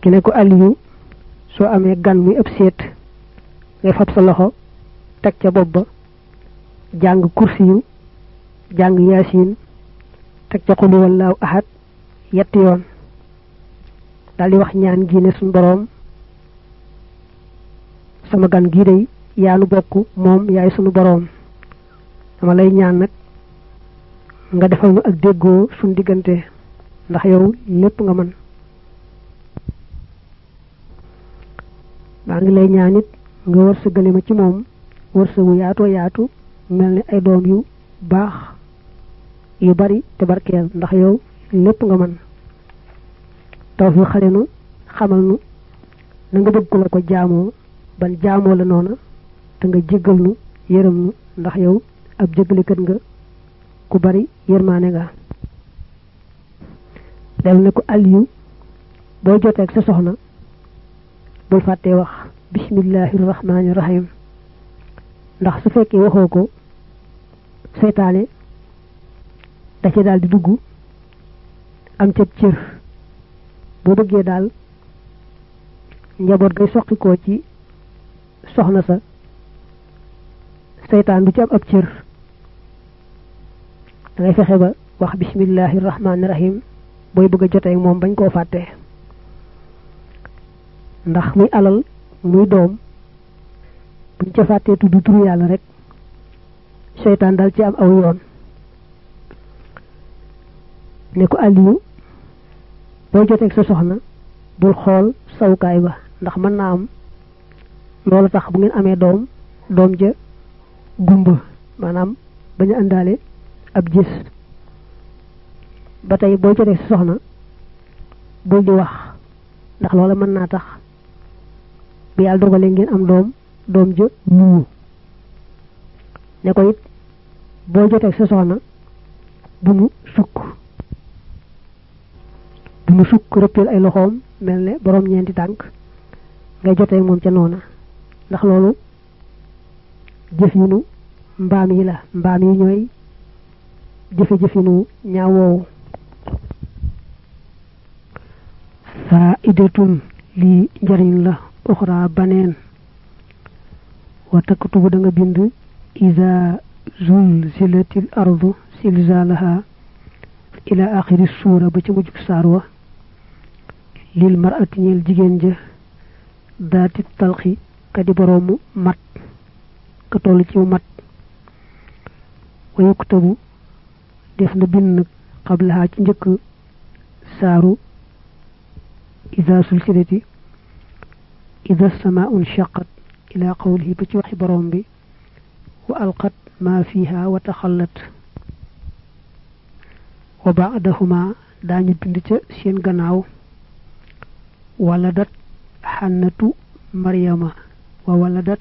ki ne ko Aliyu soo amee gan muy ab seet ngay fab sa loxo teg ca bopp ba jàng kursi yu jàng yaasin teg ca xulu wallaahu ahad yetti yoon dal di wax ñaan gi ne suñ boroom sama gan gii day yaanu bokk moom yaay sunu boroom dama lay ñaan nag nga defal nu ak déggoo suñ diggante ndax yow lépp nga mën maa ngi lay ñaanit nga wërsëgale ma ci moom wërsëgu yaatoo yaatu mel ni ay doom yu baax yu bari te barkeel ndax yow lépp nga mën tawfiq xale nu xamal nu na nga bëgg ko jaamoo ban jaamoo la noona te nga jéggal nu yërëm nu ndax yow ab jéggalikat nga ku bari yërmaane nga del ne ko àll yu boo joteeg sa soxna bul fàttee wax bismillahi rahmaani rahim ndax su fekkee waxoo ko seytaane da ca daal di dugg am cëb cër boo bëggee daal njaboot gay soqikoo ci soxna sa seytaan du ci am ab cër da ngay fexe ba wax bismillahi rahmaani rahim booy bëgg a moom bañ koo fàtte ndax muy alal muy doom buñ ca fàttee tudd turu yàlla rek seytaan dal ci am aw yoon ne ko Aliou boo joteeg sa soxna bul xool sawukaay ba ndax mën naa am loolu tax bu ngeen amee doom doom ja gumba maanaam bañ a àndaale ab gis ba tey boo joteeg sa soxna bul di wax ndax loola mën naa tax bu yàlla dogalee ngeen am doom doom jë muwu ne ko it boo jotee sa soxna bu mu sukk bu ay loxoom mel ne borom ñeenti tànk ngay jotee moom ca noona ndax loolu jëf yi mbaam yi la mbaam yi ñooy jëfe jëf ñaaw woowu faa idatun lii njariñ la uxra baneen wa takkutubu da nga bind isa zulzilatil ardu silzalaha ila axiri suura ba ci mujjug saar wa lil marati ñeel jigéen ja daati talxi ka boroomu mat ka ci mat wa yuktabu def na bind xablaha ci njëkk saaru isa sulsilati ida samaau nshaqat ila qawlihi ba ci waxi boroom bi wa alqat ma fiha wa taxallat wa baadahuma daañu bind ca seen gannaaw wala dat xànnatu maryama wa wala dat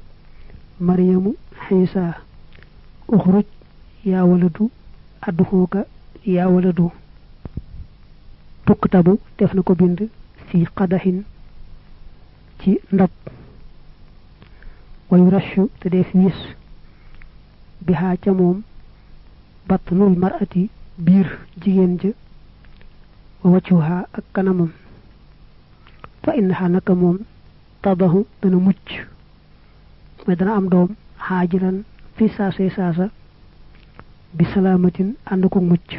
maryamu xiisa uxruj yaa waladu adduxuuka yaa waladu tukk tabu def na ko bind fi qadaxin ci ndab wayu rashu te dees wis bi xaa ca moom batnul marati biir jigéen ja wa waccuhaa ak kanamam fa innaha moom tabaxu dana mucc mooy dana am doom xaajilan fi saasay saasa bi salaamatin ànd mucc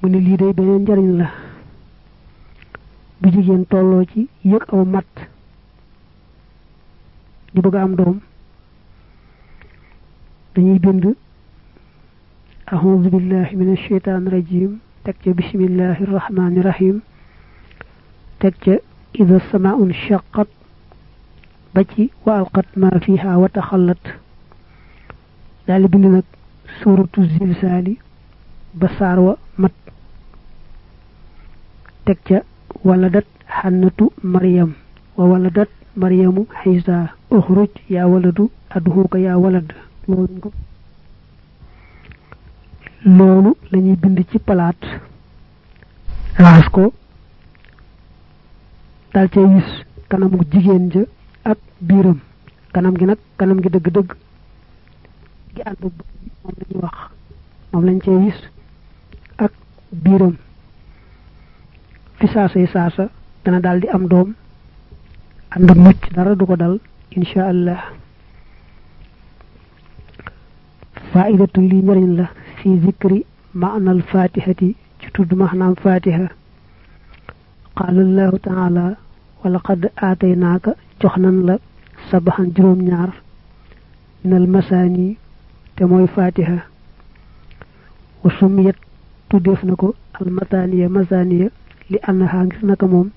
mu ne lii beneen njariñ la bu jigéen tolloo ci yëg aw mat di bëgg am doom dañuy bind ahoudu billahi min asheytaan rajim teg ca bismillahi irrahmani rahim teg ca ida samaun shaqat ba ci wa alqat ma fiha wa taxallat daal di bind nag suratu zilzaali ba saar wa mat teg ca waladat xannatu maryam wa waladat maryamu xiisa uxruj yaa waladu adhuuka yaa walad loolu lañuy bind ci palaat raxas ko dal cee wis kanamu jigéen ja ak biiram kanam gi nag kanam gi dëgg-dëgg gi ànd moom lañuy wax moom lañ cee wis ak biiram fi saasa saasa dana daal di am doom ànd ak mucc dara du ko dal incha allah faidatu li njëriñ la fi zikri maanal fatihati ci tudd wala qad aataynaaka jox la sabaxan juróom-ñaar minal masaani te mooy fatiha wa sumiyat tuddeef na ko almataniya masaniya li annaha ngir naka moom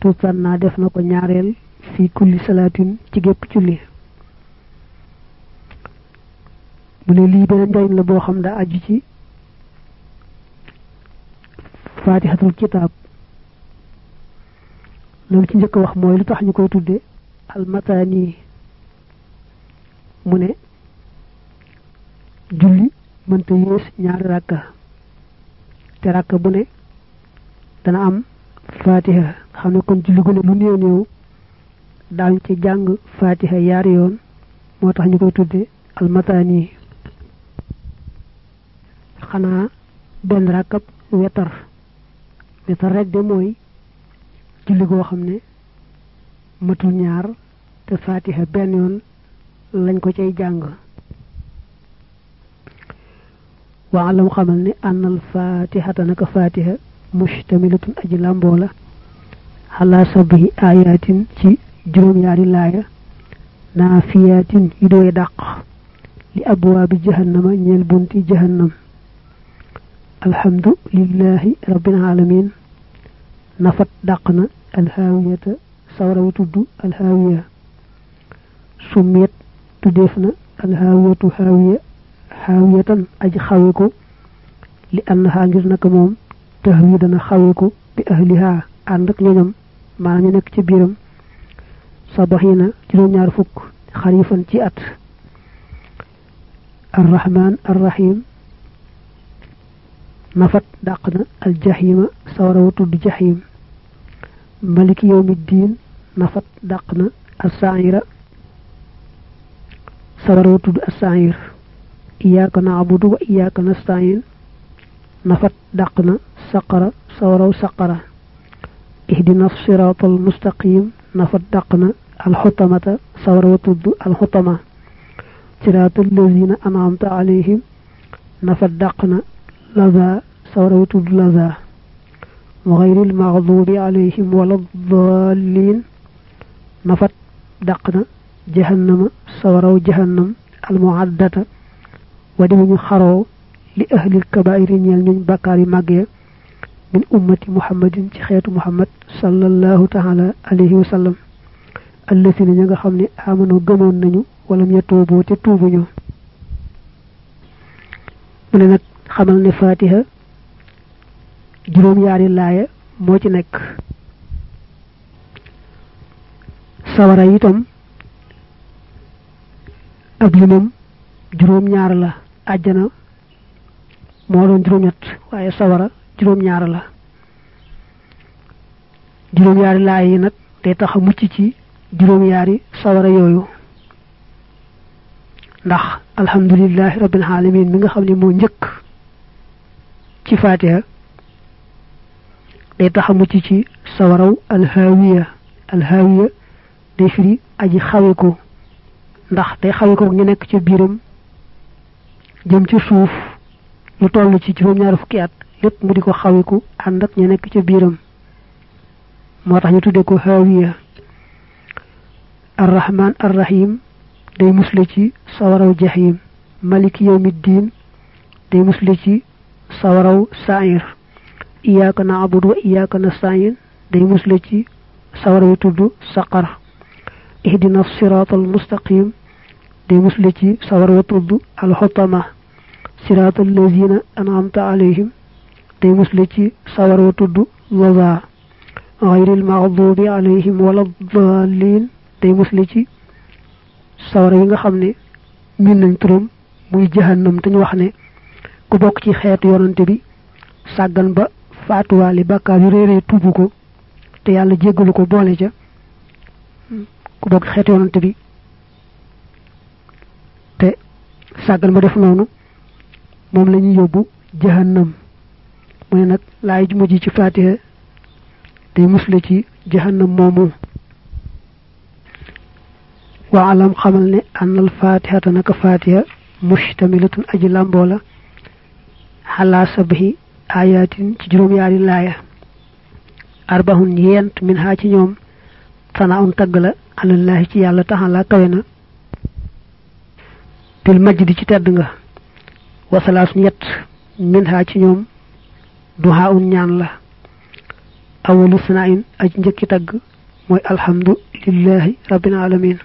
tuutaan naa def na ko ñaareel fi kulli salaatin ci gépp julli mu ne lii beneen njariñ la boo xam daa aju ci faatixatul kitaab loolu ci njëkk wax mooy lu tax ñu koy tudde almataani mu ne julli mënta yées ñaari ràkka te ràkka bu ne dana am fatiha xam ne kon julli gu ne lu néew néew daañ ci jàng fatiha yaari yoon moo tax ñu koy tudde almataani xanaa benn rakkab wetar wetar rek de mooy julli goo xam ne matul ñaar te fatiha benn yoon lañ ko cay jàng waalam xamal ne ànnal fatihata naka fatiha mustamilatun aji làmboo la ala sabi ayatin ci juróom-ñaari laaya naafiyatin yu doy dàq li abwaabi jahannama ñeel bunti jahannam alhamdu lillahi rabbil alamin nafat dàq na alhaawiyata sawra wu tudd alhaawiya summiyat tuddeef na alhaawiyatu haawiya haawiyatan aji xawe ko li annaha ngir naka moom tax wi dana xaweeku bi ahliha ànd ak ñoñam maanaam ñu nekk ci biiram sabaxiina juróom-ñaar fukk xarifan ci at arrahman arrahim nafat dàq na aljahima sawara wa tudd jahim maliki nafat dàq na assaira sawara wa tudd assair iyaaka naabudu wa iyaaka nastain nafat dàq na saqara sawaraw saqara ihdina siraatal mustaqim nafat dàq na alxutamata sawaraw tudd alxutama siraatal lazina anamta alayhim nafat dàq na laza sawaraw tudd laza xayril maxdubi alayhim wala daalliin nafat dàq na jahannama sawaraw jahannam almuaddata wa di ñu xaroo li ahlil kabaayiri ñeel ñuñ bàkkaar yu màgg ya min ummati muhammadin ci xeetu muhammad sallallahu taala alayhi wa sallam allasina nga xam ni amano gëmoon nañu walam ya tooboo te tuubuñu mu ne nag xamal ne fatiha juróom-yaari laaya moo ci nekk sawara itam ab limam juróom-ñaar la àjjana moo doon juróom-ñett waaye sawara juróom-ñaar la juróom-ñaari laay yi nag day tax a mucc ci juróom-ñaari sawara yooyu ndax alhamdulilahi rabbil alamin mi nga xam ne moo njëkk ci fatiha day tax a mucc ci sawaraw alhaawiya alhaawiya day firi aji xawe ko ndax day xawe ko ngi nekk ci biiram jëm ca suuf lu toll ci juróom-ñaari fukki at lépp mu di ko xawiku ànd ak ñu nekk ca biiram moo tax ñu tuddee ko xaawiya arrahman arrahim day musle ci sawaraw jahim maliki yawmiddin day musle ci sawaraw sair iyaaka na abudu wa iyaaka na sayin day musle ci sawaraw yu tudd saqar ihdina siraatal mustaqim day musle ci sawaraw tudd alxotama siraatal lazina an'amta alayhim tey musle ci sawar wa tudd zaza xayril maxdubi alayhim wala daalin tey musle ci sawara yi nga xam ne min nañ turam muy jahannam te ñu wax ne ku bokk ci xeetu yonante bi sàggan ba faatuwaale bàkkaar yu réeree tubb ko te yàlla jéggalu ko boole ca ku bokk ci yonante bi te sàggan ba def noonu moom la ñuy yóbbu jahannam mu ne nag laay ju mujj ci faatiha day musle ci jahannam moomu waa alam xamal ne ànnal faatihata naka faatiha mustamilatun aji làmboo la xalaa sabahi ayatin ci juróom-yaari laaya arbahun yent min haa ci ñoom sanaa un tagg ci yàlla taxalaa kawe na bil majdi ci tedd nga wasalaatu ñett min haa ci ñoom du haa un ñaan la awalu sanaa aj njëkki tagg mooy alhamdu lillahi alamin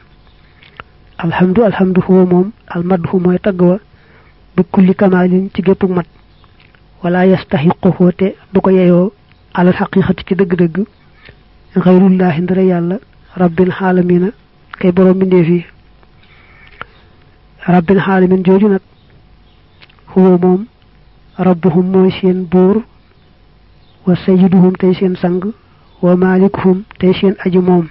alhamdu alhamdu huwa moom almadhu mooy tagg wa bi kulli kamaalin ci géppuk mat wala yastaxiquhu te du ko yeyoo alal xaqiqati ci dëgg-dëgg xayrullahi ndara yàlla rabbil alamina kay borom bindéef yi rabbil alamin jooju nag huwa moom rabbuhum mooy seen buur wa sayyiduhum tey seen sang wa maalikuhum tey seen aji moom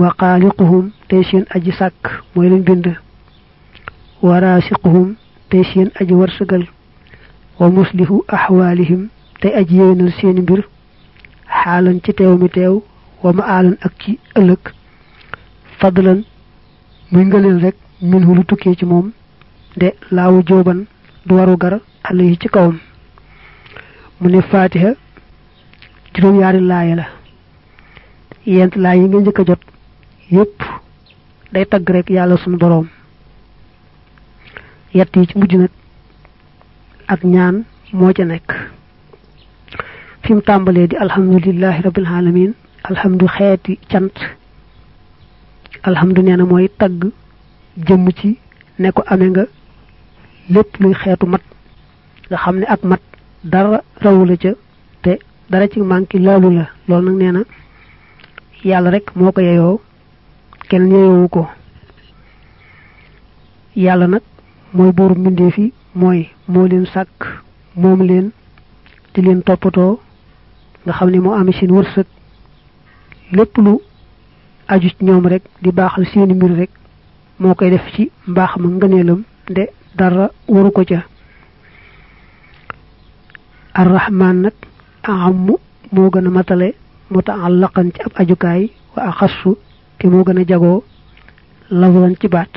wa xaaliquhum tey seen aji sàkk mooy leen bind wa raasiquhum tey seen aji warsagal wa muslihu ahwaalihim tey aji yéwénal seeni mbir xaalan ci teew mi teew wa ma ak ci ëllëg fadlan muy ngëleel rek min hu lu ci moom de laawu jóoban du waru gar àll yi ci kawam mu ne faatiha juróom-yaari laaya la yent laay yi nga njëkk a jot yépp day tagg rek yàlla sunu boroom yett yi ci mujj nag ak ñaan moo ci nekk fi mu tàmbalee di alhamdulillahi rabbil alamin alhamdu xeeti cant alhamdu nee mooy tagg jëmm ci nekku ko amee nga lépp luy xeetu mat nga xam ne ak mat dara rawu ca te dara ci manqué laalu la loolu nag nee na yàlla rek moo ko yeyoo kenn yeyowu ko yàlla nag mooy buuru mbindeef yi mooy moo leen sàkk moom leen di leen toppatoo nga xam ne moo amee seen wërsëg lépp lu aju ci ñoom rek di baaxal seeni mbir rek moo koy def ci mbaax ma ngëneelam nde dara waru ko ca arrahman nag ahammu moo gën a matale mutaallaqan ci ab ajukaay wa axassu te moo gën a jagoo lafzan ci baat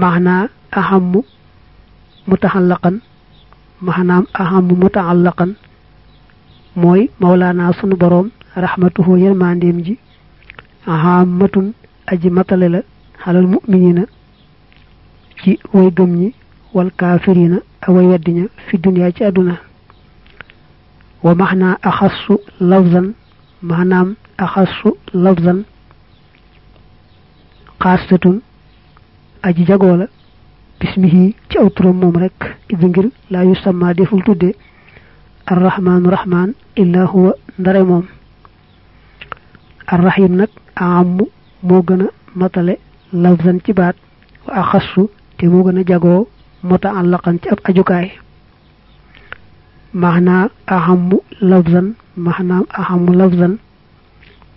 maanaa ahammu mutaallaqan maanaam ahammu mutaallaqan mooy mawlaanaa sunu boroom rahmatuhu yërmandeem ji ahammatun aji matale la xalal mu'minina ci way gëm ñi wal ak way weddi fi duniyaa ci àdduna wa maxnaa axassu lafzan maanaam axassu lafzan xaasatun aji jagoo la bismihi ci aw moom rek idi ngir laa yu sama deful tudde arrahmaanu rahmaan illaa huwa ndare moom arrahim nag aam moo gën a matale lafzan ci baat wa axassu te moo gën a jagoo mutaallaqan ci ab ajukaay maanaa ahammu lafzan maanaam ahammu lafzan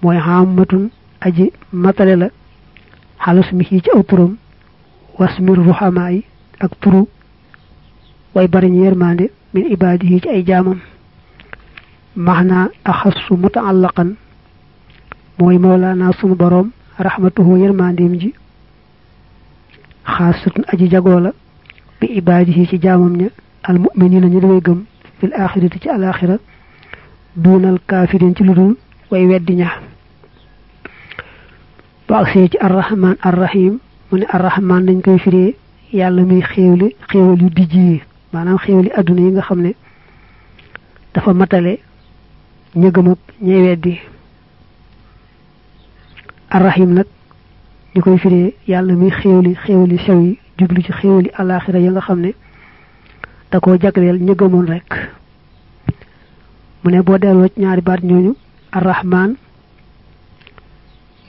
mooy xaamatun aji matale la xalas mi ci aw turam wasmir ruxamaa yi ak turu way bari ñu yërmande min ibaadi yi ci ay jaamam maanaa axassu mutaallaqan mooy moolaanaa sunu boroom raxmatuhu yërmandeem ji xaasatun aji jagoo la bi ibaadihi ci jaamam ña almuminina ñu dangay gëm fil axirati ci alaxira duunal kaafirin ci lu dul way weddi ña bu agsee ci arrahman arrahim mu ne arrahman dañ koy firee yàlla muy xéewli xéewal yu dijj yi maanaam xéewali àdduna yi nga xam ne dafa matale ña gëm ak nag ñu koy firee yàlla mi xéewali xéewali sew yi jublu ci xéewali alaaxira ya nga xam ne da koo jagleel ñu gëmoon rek mu ne boo delloo ñaari baat ñooñu arrahman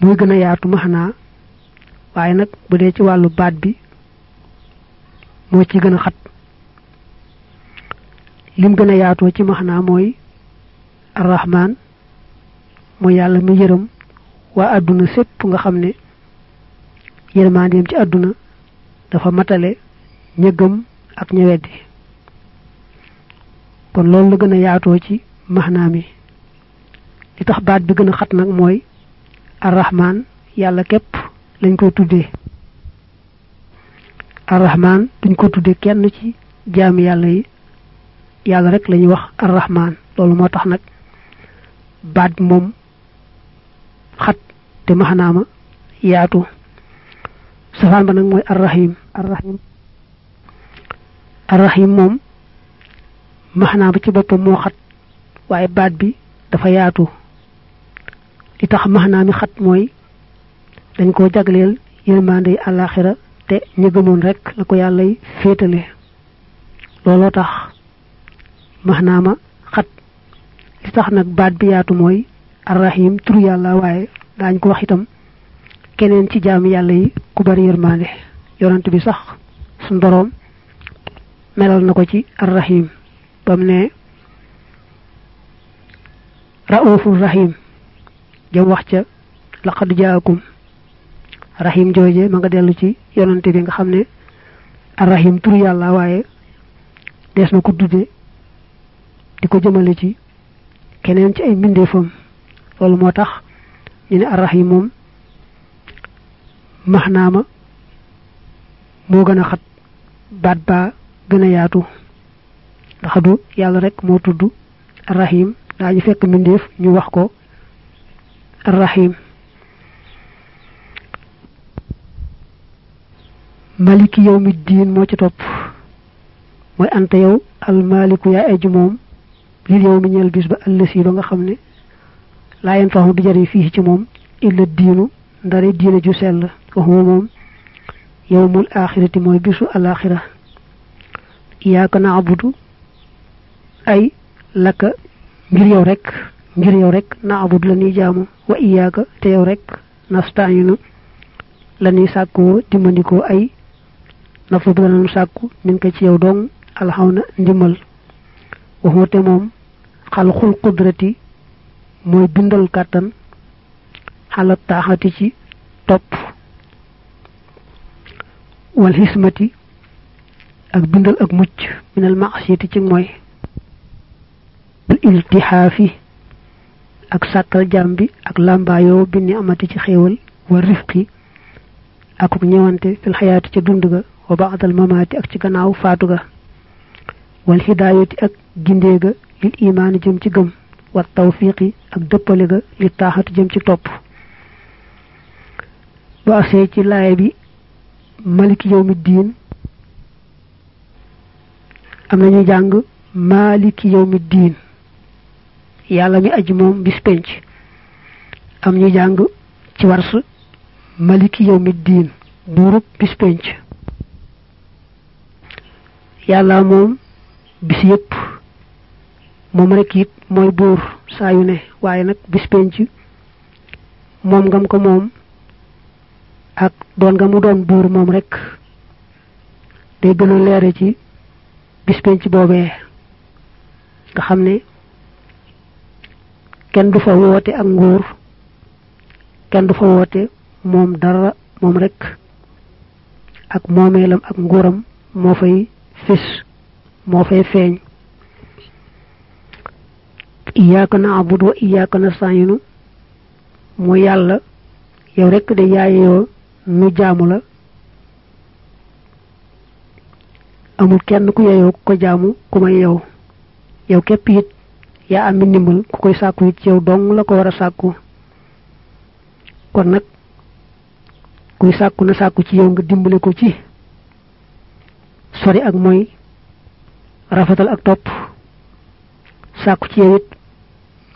muy gën a yaatu maxnaa waaye nag bu dee ci wàllu baat bi moo ci gën a xat lim gën a yaatoo ci maxnaa mooy arrahman mooy yàlla mu yërëm waa àdduna sépp nga xam ne yërmandeem ci àdduna dafa matale ña gëm ak ña weddi kon loolu la gën a yaatoo ci maxnaam yi li tax baat bi gën xat nag mooy arrahman yàlla képp lañ koy tuddee arrahman duñ ko tuddee kenn ci jaami yàlla yi yàlla rek la ñuy wax arrahman loolu moo tax nag baat bi moom xat te maxnaama yaatu safaan ba nag mooy arrahim arrahim moom maxnaa ba ci boppam moo xat waaye baat bi dafa yaatu li tax maxnaa mi xat mooy dañ koo jagleel yërmande yi te ñu gëmoon rek la ko yàlla yi féetale looloo tax maxnaa ma xat li tax nag baat bi yaatu mooy arrahim turu yàlla waaye daañ ko wax itam keneen ci jaam yàlla yi ku bari yërmaande yonent bi sax suñ boroom melal na ko ci arrahim ba mu ne raufur rahim jam wax ca laqad jaakum rahim jooje ma nga dellu ci yonent bi nga xam ne arrahim tur yàlla waaye dees na ko dudde di ko jëmale ci keneen ci ay mbindeefam loolu moo tax ñu ne arrahim moom maxnaama moo gën a xat baat baa gën a yaatu ndax du yàlla rekk moo tudd rahim daañu fekk mbindeef ñu wax ko rahim maliki yow mi diin moo ci topp mooy ante yow almaliku yaa aju moom lil yow mi ñeel bis ba ëllësi ba nga xam ne laa yeen faxu du jariñ fii ci moom illa diinu ndari diine ju sell waxuma moom yowmul axirati mooy bisu alaxira iyaaka na abudu ay lakka ngir yow rekk ngir yow rekk na abudu la ñuy jaamu wa iyaaka te yow rek nastaayinu la ñuy sàkkoo dimbandikoo ay natlub la ñu sàkku min ko ci yow dong alxaw na ndimbal waxuma te moom xalxul qudrati mooy bindal kàttan xalat taaxati ci topp wal xismati ak dundal ak mucc minal maasiyati ci mooy al iltixaafi ak sàkkal jaam bi ak làmbaayoo bi amati ci xéewal wa rifqi ak ak ñëwante fil xayaati ci dund ga wa baadal mamaati ak ci gannaaw faatu ga wal ak gindee ga lil imaani jëm ci gëm wa tawfiqi ak dëppale ga li taaxatu jëm ci topp ba asee ci laaya bi maliki yawmi diin am na ñuy jàng maliki yawmi diin yàlla mi aji moom bis am ñuy jàng ci wars maliki yawmi diin buurub bis yàlla moom bis yépp moom rek it mooy buur saa ne waaye nag bis moom ngam ko moom ak doon nga mu doon buur moom rek day gën a leere ci bis penc boobee nga xam ne kenn du fa woote ak nguur kenn du fa woote moom dara moom rek ak moomeelam ak nguuram moo fay fis moo fay feeñ iyaaka na bu wa iyaaka na sayinu mu yàlla yow rek de yoo mu jaamu la amul kenn ku yeyoo ku ko jaamu ku may yow yow képp it yaa am ndimbal ku koy sàkku it yow dong la ko war a sàkku kon nag kuy sàkku na sàkku ci yow nga dimbale ko ci sori ak mooy rafetal ak topp sàkku ci yow it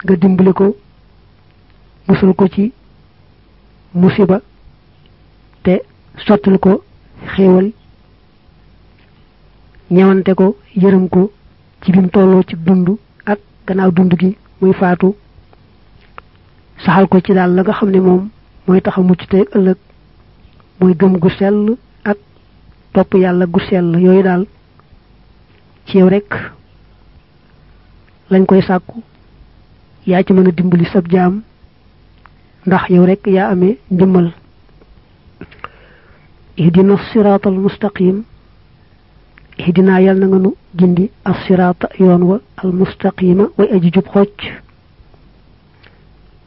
nga dimbale ko musal ko ci musiba te sottul ko xéewal ñewante ko yërëm ko ci bim tolloo ci dund ak gannaaw dund gi muy faatu saxal ko ci daal la nga xam ne moom mooy tax a mucc tey ëllëg muy gëm gu sell ak topp yàlla gu sell yooyu daal ci yow rekk lañ koy sàkku yaa ci mën a dimbali sab jaam ndax yow rekk yaa amee ndimbal ihdina siraata al mustaqim ihdina yàlla na nga nu gindi as siraata yoon wa al mustaqima way aji jub xocc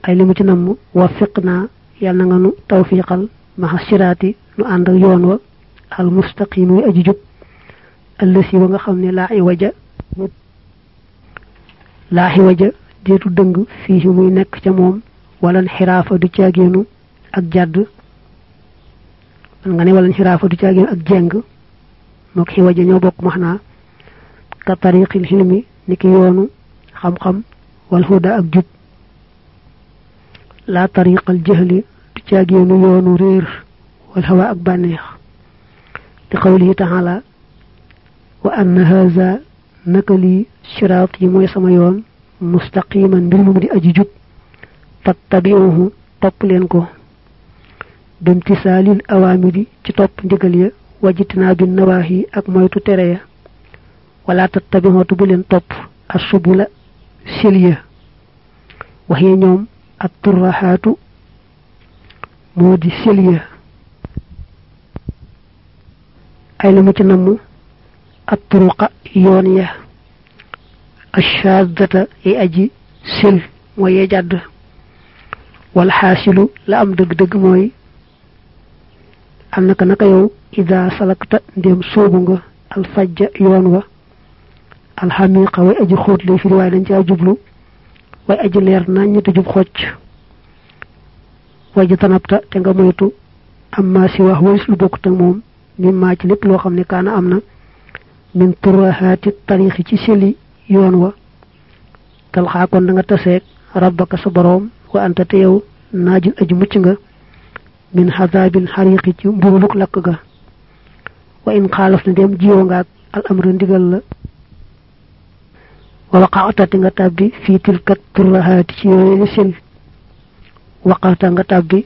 ay li ci namm wafiq naa yàlla na nga nu tawfiqal maxa siraati nu ànd ak yoon wa al mustaqim way aji jub allësi wa nga xam ne laa waja laa waja déetu dëng fii muy nekk ca moom wala xiraafa du caageenu ak jàdd nga ne wala xiraafa du caagin ak jeng mook xiwa ja ñoo bokk max naa ka tariqil xilmi ni yoonu xam-xam wal huda ak jub laa tariqal jëhli du caaginu yoonu réer wal hawa ak bànneex li qawlihi taala wa anna haza naka lii siraat yi mooy sama yoon mustaqiman mbir moom di aji jub fattabiuhu topp leen ko bimtisaalil awaamiri ci topp ndigal ya wajitinaa bi nawaahi ak moytu tere ya wala tattabihotu bu leen topp asubula siliya waxee ñoom ak turraxaatu moo di siliya ay la mu ci namm ak turuqa yoon ya ashaadata yi aji sil mooy yee jàdd wala xaasilu la am dëgg-dëgg mooy am naka naka yow ida salakta ndéem soobu nga alfajja yoon wa alxamiqa way aji xóot lay firi waaye dañ caa jublu way aji leer naa ñetti jub xocc way ji tanabta te nga moytu am maa si wax walis lu bokkut ak moom mi maa ci lépp loo xam ne kaana am na min turahaati tarixi ci seli yoon wa talxaakoon da nga taseeg rabbaka sa boroom wa anta te yow naajul aji nga min xazaabin xariqi ci mbugaluk lakk ga wa in xaalaf na dem jiwoo ngaak al amra ndigal la wala xaatati nga tàbbi fii tilkat turrahaati ci yooyu seen waqata nga tàbbi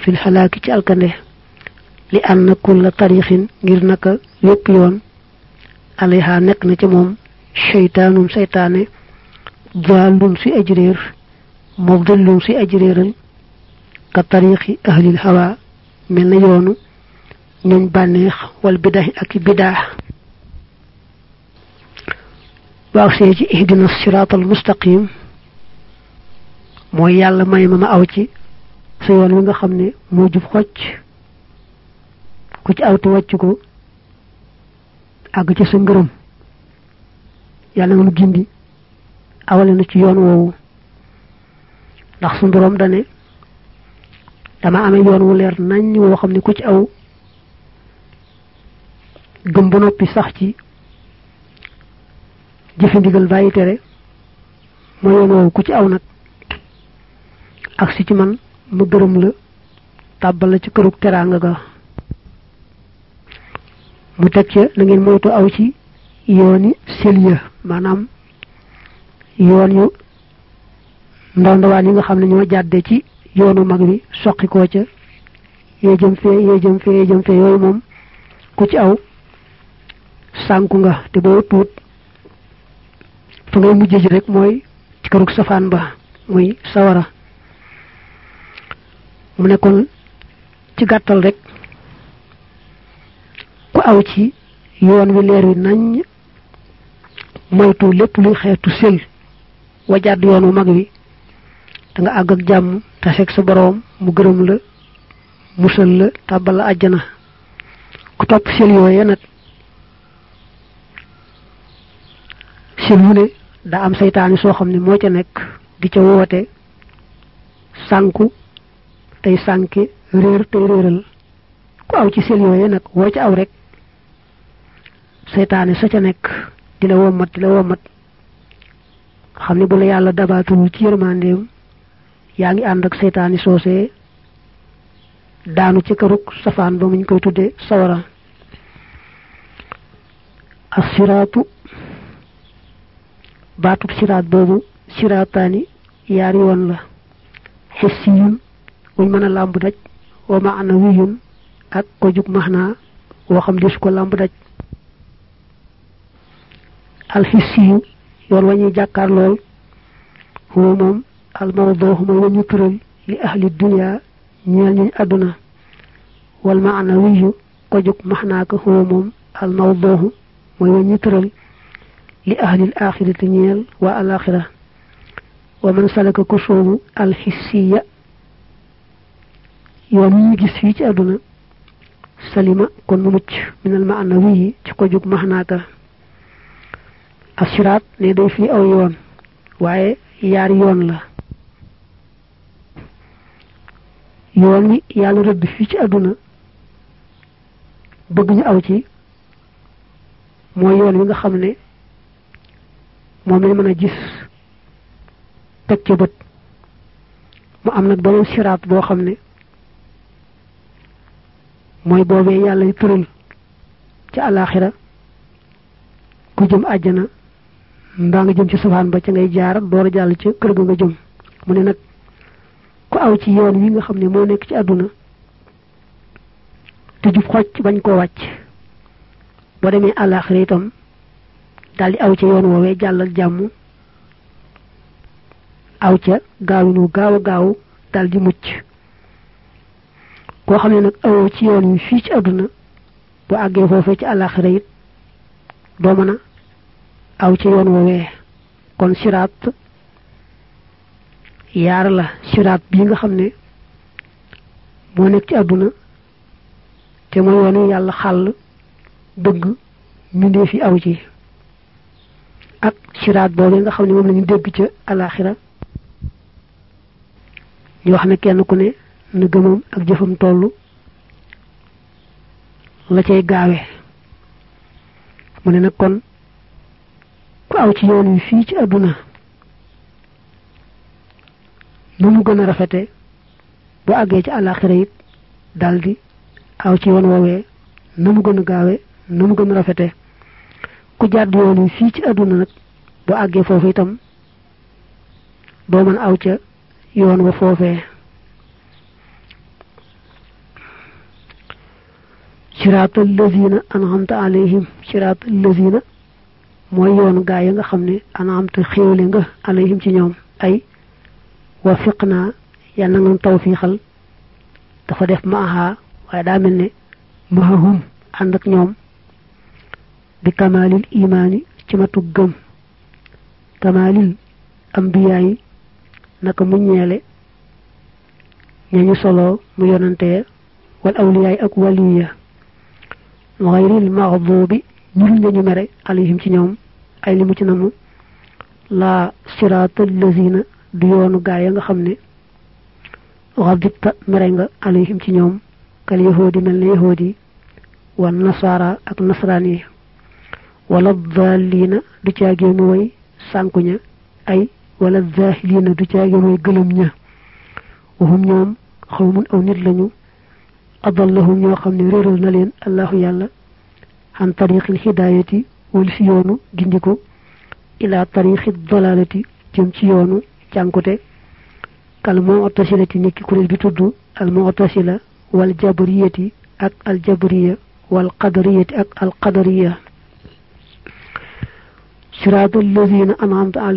fil xalaaki ci alkande li ànd kulla tarixin ngir naka lépp yoon alayha nekk na ci moom seytaanum seytaane jaalun si ajréer moom dëllum si ajréeral ka tariqi ahlil hawa mel na yoonu ñooñ bànneex wal bidahi ak bidaa waaw see ci ihdina siraatal mustaqim mooy yàlla may ma ma aw ci sa yoon wi nga xam ne moo jub xocc ku ci awti wàcc ko àgg ci sa ngërëm yàlla nga nu gindi awale ci yoon woowu ndax su ndoroom dane dama amee yoon wu leer nañ woo xam ne ku ci aw gëm ba noppi sax ci jëfe ndigal bàyyi tere mooy yoon woowu ku ci aw nag ak si ci man ma gërëm la tàbbal la ci këru teraanga ga mu teg ca na ngeen moytu aw ci yooni seliya maanaam yoon yu ndaw ndawaan yi nga xam ne ñoo jàdde ci yoonu mag wi soqi koo ca yee jëm fee yee jëm fee yee jëm yooyu moom ku ci aw sànku nga te boo tuut fa ngay mujj ji rek mooy ci kërug safaan ba muy sawara mu nekkoon ci gàttal rekk ku aw ci yoon wi leer wi nañ moytu lépp luy xeetu sël wajaat yoon wu mag wi danga àgg ak jàmm taseeg sa boroom mu gërëm la musal la tàbbal la àjjana ku topp sel yooyee nag sel wu ne daa am saytaani soo xam ne moo ca nekk di ca woote sànku tey sànke réer tey réeral ku aw ci sel yooyee nag woo ca aw rek seytaane sa ca nekk di la wommat di la wommat xam ne bu la yàlla dabaatul ci yërmandeem yaa ngi ànd ak seytaani soosee daanu ci kërug safaan ba muñ koy tudde sawara as siraatu baatub siraat boobu siraataani yaari woon la xissi yun wuñ mën a làmb daj wa maana wiyun ak ko jug max naa woo xam su ko làmb daj alxissi yu yoon wa jàkkaar lool woo moom almawduu mooy wa ñu tëral li ahli dunya ñeel ñuñ àdduna wal maanawiyu ko jug maxnaaka huwa moom almawduu mooy wa tëral li ahlil axirati ñeel waa alaxira wa man salaka ko yoon ñu gis fii ci àdduna salima kon mucc minal maanawiyi ci ko jug maxnaaka asiraat ne day fii aw yoon waaye yaar yoon la yoon wi yàlla rëdd fii ci àdduna bëgg ñu aw ci mooy yoon wi nga xam ne moom lañ mën a gis teg ca bët mu am nag beneen siraat boo xam ne mooy boobee yàlla yu tëral àllaaxira ku jëm àjjana mbaa nga jëm ci safaan ba ca ngay jaar door jàll ci kër ga nga jëm mu ne nag ku aw ci yoon wi nga xam ne moo nekk ci àdduna te jub xocc bañ koo wàcc boo demee àllaaxira itam daal aw ca yoon woowee jàll jàmm aw ca gaaw nu gaaw a gaaw daal mucc koo xam ne nag awoo ci yoon wi fii ci àdduna boo àggee foofee ci àllaaxira it doo mën aw ca yoon woowee kon siraat yaar la siraat bii nga xam ne moo nekk ci àdduna te mooy wone yàlla xàll bëgg mbindee fi aw ci ak siraat boobee nga xam ne moom lañu ñu dégg ca alaaxira ñu wax ne kenn ku ne na gëmam ak jëfam toll la cay gaawe mu ne nag kon ku aw ci yoon wi fii ci àdduna nu mu gën a rafete bu àggee ci àllaaxira it daldi aw ci yoon woowee na mu gën a gaawe mu gën rafete ku jàdd yoon wi fii ci àdduna nag bu àggee foofu itam doo mën aw ca yoon wa foofee siraata lazina an'amta alayhim siraata lazina mooy yoonu gaa nga xam ne an'amta xéewle nga alayhim ci ñoom ay wafiq naa yàlla na tawfiixal dafa def ma waaye daa mel ne mahahum ànd ak ñoom bi kamaalil imaani ci matu gëm kamaalil ambiyaa yi naka mu ñeele ñañu solo mu yonantee wal awliyaay ak waliya xayril maxduubi ñurul nañu mere alayhim ci ñoom ay li mu ci namu laa siraatal lazina du yoonu gaa nga xam ne xadibta mere nga alayhim ci ñoom kal yahoodi mel na yahood yi wa nasaara ak nasaraan yi wala daalina du caageemu way sànku ay wala zaahiliina du caageemu way gëlëm ña waxum ñoom xawmun aw nit lañu adallahum ñoo xam ne réeral na leen allahu yàlla an tariqil hidaayati wal si yoonu gindiko ila tariqi dalalati jëm ci yoonu cànkute al mu'tasila ci nekki kuréel bi tudd al mu'tasila wal jabriyati ak al jabriya wal qadariyati ak al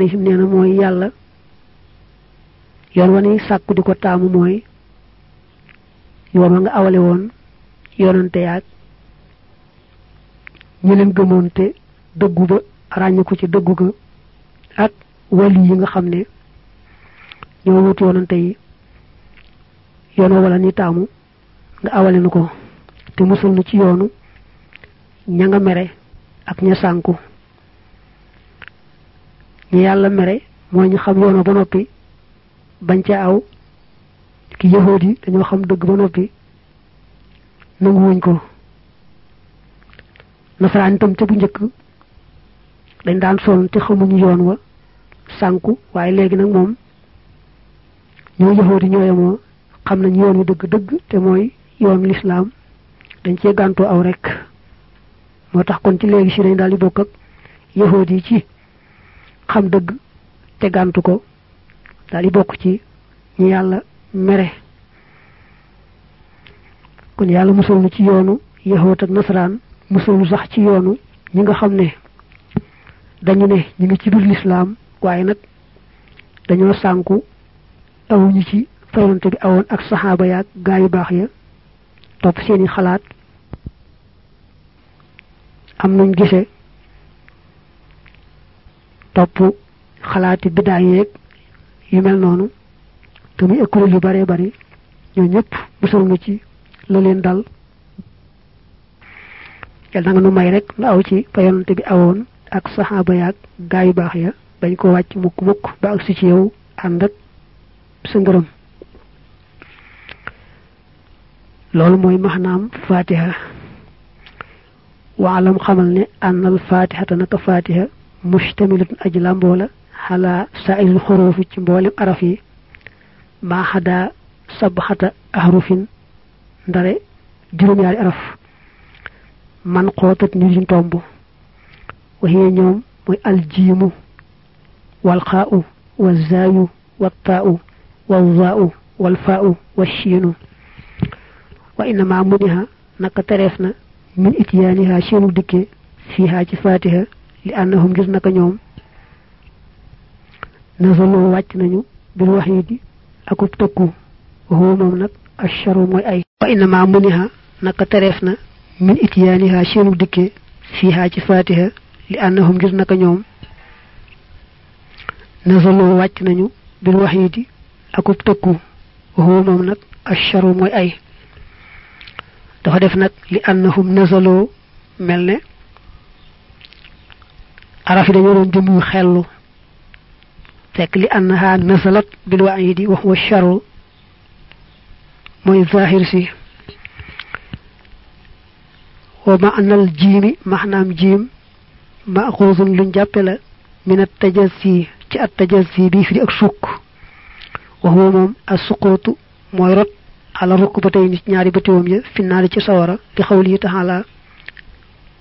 mooy yàlla yoon wa ni sàkku di ko taamu mooy yoon wa nga awale woon yoonante yaag ñi leen gëmoon te dëggu ba ràññi ko ci dëggu ga ak wali yi nga xam ne ñoo wut yoonante yi yoon wala ni taamu nga awale ko te musul nu ci yoonu ña nga mere ak ña sànku ñi yàlla mere mooy ñu xam yoon ba noppi bañ ca aw ki yahuud yi xam dëgg ba noppi nanguwuñ ko nasaraan itam ca bu njëkk dañ daan sonn te xamuñu yoon wa sànku waaye léegi nag moom ñoo yahuudi ñoo yemoo xam nañ yoon wi dëgg-dëgg te mooy yoon lislaam dañ cee gàntoo aw rek moo tax kon ci léegi si dañ daal di bokk ak yahuudi yi ci xam dëgg te gàntu ko daal di bokk ci ñu yàlla mere kon yàlla musul nu ci yoonu yahuud ak nasaraan musul nu sax ci yoonu ñi nga xam ne dañu ne ñu ngi ci biir lislaam waaye nag dañoo sànku awuñu ci fawante bi awoon ak saxaaba yaag gaa yu baax ya topp seeni xalaat am nañ gise topp xalaati biddaa yeeg yu mel noonu te muy école yu baree bari ñoo ñëpp musal na ci la leen dal yàlla na nga nu may rek nu aw ci fa bi awoon ak saxaaba yaag gaa yu baax ya dañ ko wàcc mukk mukk ba ak si ci yow ànd sa ngërëm loolu mooy maxnaam fatiha waalam xamal ne ànnal fatihata naka fatiha mustamilatun aji làmboo la xalaa saairil xoroofi ci mboolem araf yi maa xadaa sabxata ahrufin ndare juróom-ñaari araf man xootat ñu ci tomb waxee ñoom mooy aljiimu walxaau wazaayu wattaau walzaau walfaau wachiinu wa innama muniha naka tereef na min ityaaniha seenu dikkee fiiha ci fatiha li annahum ngir naka ñoom nasaloo wàcc nañu bil wax yi di akub tëkku waxoo moom nag asharu mooy ay wa innama muniha naka tereef na min ityaaniha seenu dikkee fiiha ci fatiha li annahum ngir naka ñoom nasaloo wàcc nañu bil wax yi di akub tëkku waxoo moom nag asharu mooy ay dafa def nag li annahum nazaloo mel ne araf yi dañoo doon jëm yu xellu fekk li annaha nazalat bil waidi wa huwa sharu mooy zahir si wa maanal jiimi maanaam jiim maaxuusun luñ jàppe la min at tajassi ci at tajassi bii fi di ak sukk waxoo moom as suqootu mooy rot ala rukk sawara bi xawlihi taala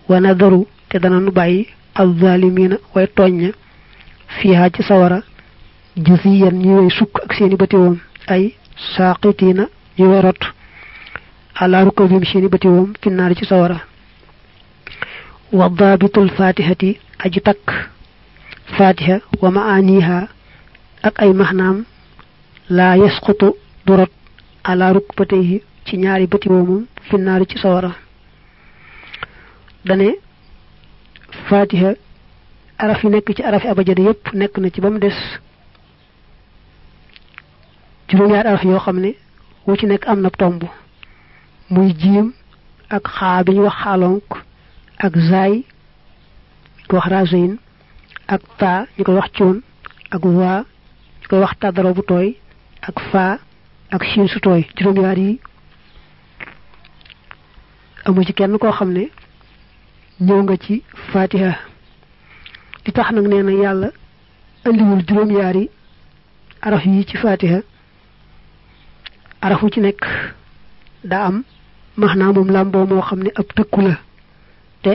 wa nadaru te dana nu bàyyi alzaalimiina way tooñ ña fiihaa ci sawara jasiyan ñi way sukk ak seeni batiwam ay saaqitiina ñi ci sawara wa daabitul faatihati aji takk faatiha wa maaniha ak ay maxnaam laa yasqutu du rot ala rukbatayhi ci ñaari bëti moom finnaari ci sawara dane fatiha araf yi nekk ci arafi abajada yépp nekk na ci ba des juróom araf yoo xam ne wu ci nekk am na tomb muy jiim ak xaa bi wax xaalonk ak zaay ko wax razayin ak ñu koy wax coon ak waa ñu koy wax tàddara bu tooy ak faa ak siin su tooy juróom yaar yi amu ci kenn koo xam ne ñëw nga ci fatiha li tax nag nee na yàlla andiwul juróom yaari araf yi ci fatiha arafu ci nekk daa am maanaam moom làmboo moo xam ne ab tëkku la te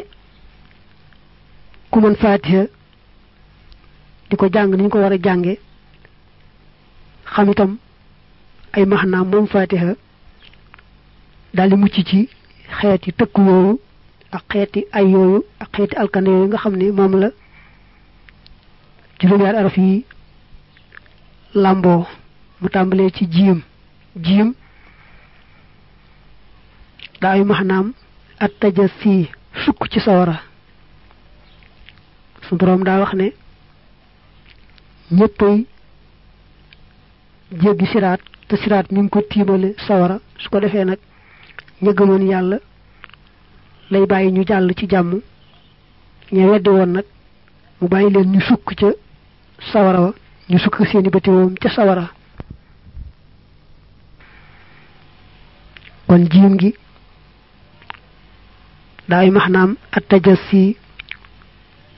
ku mën fatiha di ko jàng ni ko war a jànge xamitam ay maxnaam moom fatiha daal di mucc ci xeeti tëkk yooyu ak xeeti ay yooyu ak xeeti alkande yooyu nga xam ne moom la juróom-ñaari araf yi làmboo mu tàmbalee ci jiim jiim daa ay maxnaam attaja si sukk ci sawara su boroom daa wax ne ñëppay jéggi siraat te siraat ñu ngi ko tiimale sawara su ko defee nag ña gëmoon yàlla lay bàyyi ñu jàll ci jàmm ña weddi nag mu bàyyi leen ñu sukk ca sawara wa ñu sukk seeni bëti ca sawara kon jiim gi daay maxnaam attajas si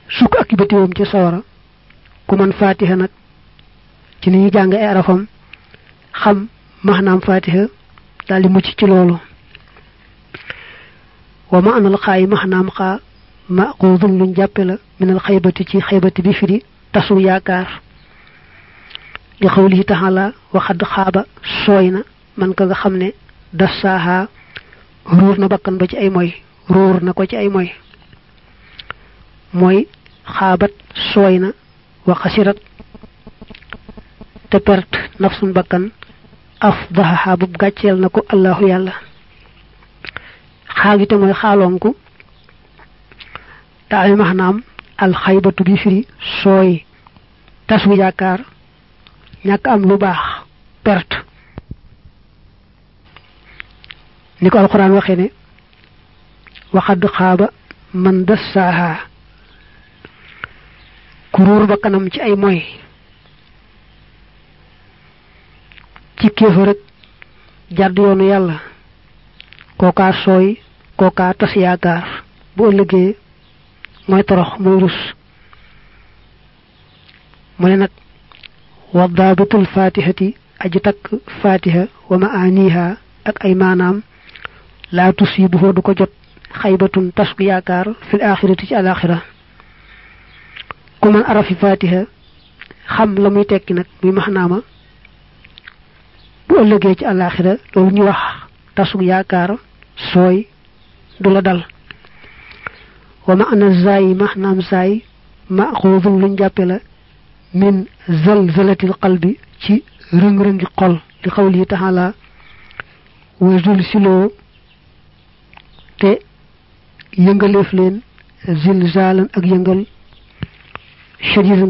sukk ak bëti ca sawara ku man faatiha nag ci li ñu jàng ay arafam xam maanaam fatiha daal di mucc ci loolu wa ma anal xaa yi maanaam xaa maqudun luñ jàppe la minal xaybati ci xaybati bi fi di tasu yaakaar li xawlihi taala waxad xaaba sooy na man ka nga xam ne dasaaha ruur na bakkan ba ci ay moy ruur na ko ci ay moy mooy xaabat sooy na wa xasirat te perte nafsun bakkan afdaha bu gàcceel na ko allahu yàlla xaal te mooy xaalonku daal maxnaam alxaybatu bi firi sooy tasu yaakaar ñàkk am lu baax perte ni ko alxuraan waxee ne waxad xaaba man dassaaha kuruur ba kanam ci ay moy ci kéefër ak jàdd yàlla kookaa sooy kookaa tas yaakaar bu ëllëgee mooy torox mooy rus mu ne nag waddaabatul fatihati aji takk fatiha wa maaniha ak ay maanaam laa tusiibuhu du ko jot xaybatun tasku yaakaar fil axirati ci alaxira ku mën arafi fatiha xam la muy tekki nag muy maxnaama bu ëllëgee ci àllaaxira loolu ñu wax tasug yaakaar sooy du la dal wa maana zaay maanaam zaay maxuudun luñ jàppe la min zalzalatil qalbi ci rëng-rëngi xol li xawli taxala wa zulsiloo te yëngaleef leen zilzaalan ak yëngal shadiidan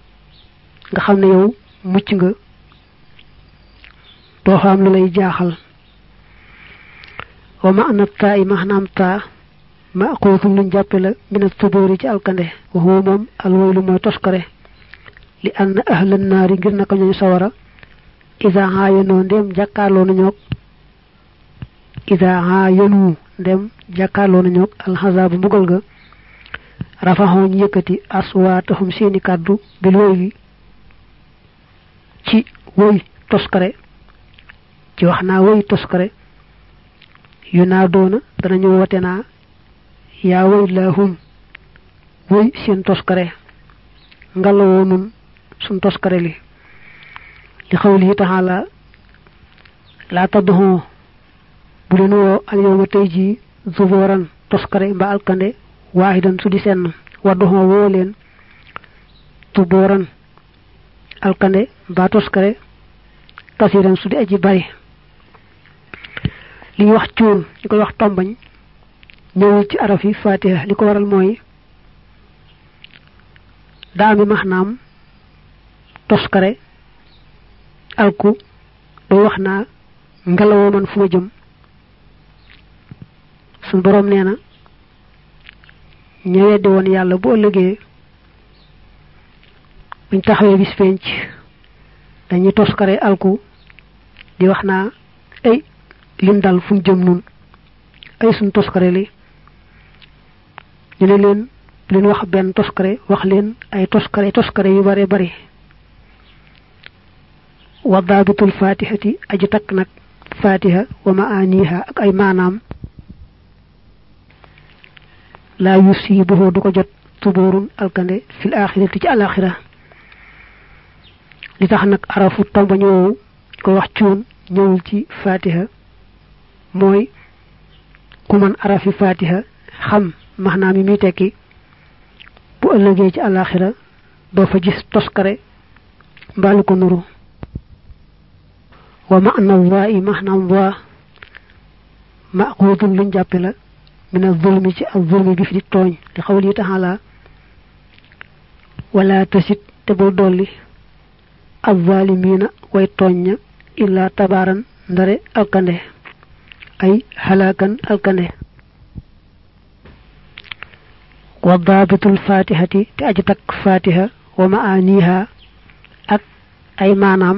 nga xam ne yow mucc nga doo fa am jaaxal wa ma ana taa yi maanaam taa ma xootum luñ jàppe la mina tubóori ci alkande waxuwa moom alwaylu mooy toskare li ànd ahlan naari ngir naka ñooñu sawara isa xaayanoo ndem jàkkaarloo nañoog isa xaayanu ndem jàkkaarloo nañoog alxasaabu mbugal ga rafaxoo ñu yëkkati aswaatahum seeni kàddu bi looy ci woy toskare ci wax naa woy toskare yu naa doona danañu wote naa yaa woy laahum woy seen toskare ngalawoo nun sun toskare li li xawlihi taala laa tadduxoo bu leen woo al yawma tey jii zuburan toskare mba alkande waahidan su di senn wadduxoo woo leen tuburan alkande mbaa toskare kasiran su di aji bari li wax cuun ñu koy wax tombañ ñëwul ci araf yi fatiha li ko waral mooy daa mi maxnaam toskare alku bay wax naa ngelawoo man fu jëm suñ boroom nee na ñëwee woon yàlla bu ëllëgee buñ taxawee bis penc dañuy toskare alku di wax naa ay lin dal fu jëm nun ay suñ toskare li ñu ne leen leen wax benn toskare wax leen ay toskare toskare yu bare bari wa daabitul fatihati aji takk nag fatiha wa maaniha ak ay maanaam laa yusibuhu du ko jot tuboorun alkande fil axirati ci alaxira li tax nag arafu tomba ñëwowu ko wax cuun ñëwul ci fatiha mooy ku mën arafi fatiha xam maanaam yi muy tekki bu ëllëgee ci àlaxira doo fa gis toskare mbaalu ko nuru wa maana waa yi maanaam waa maqudun luñ jàppe la mina zulmi ci ak zulmi bi fi di tooñ li xawal yi taxalaa wala tasit te dolli azzaalimiina way tooñ ña illaa tabaaran ndare alkande ay halaakan alkande wa daabitul te aji takk faatiha wa maaniha ak ay maanaam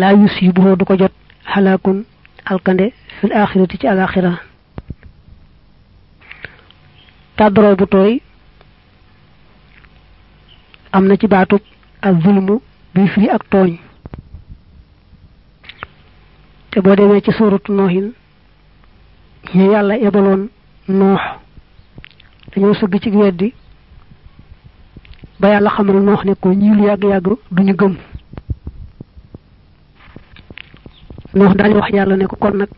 laa yusiibuhu du ko jot halaakun alkande fil aaxirati ci alaaxira tàddaroo bu tooy am na ci baatub ak zulmu bi firi ak tooñ te boo demee ci suuratu nooxin ñu yàlla ebaloon noox dañoo sëgg ci weddi ba yàlla xamal noox ne ko ñii lu yàgg yàgg duñu gëm noox daal wax yàlla ne ko kon nag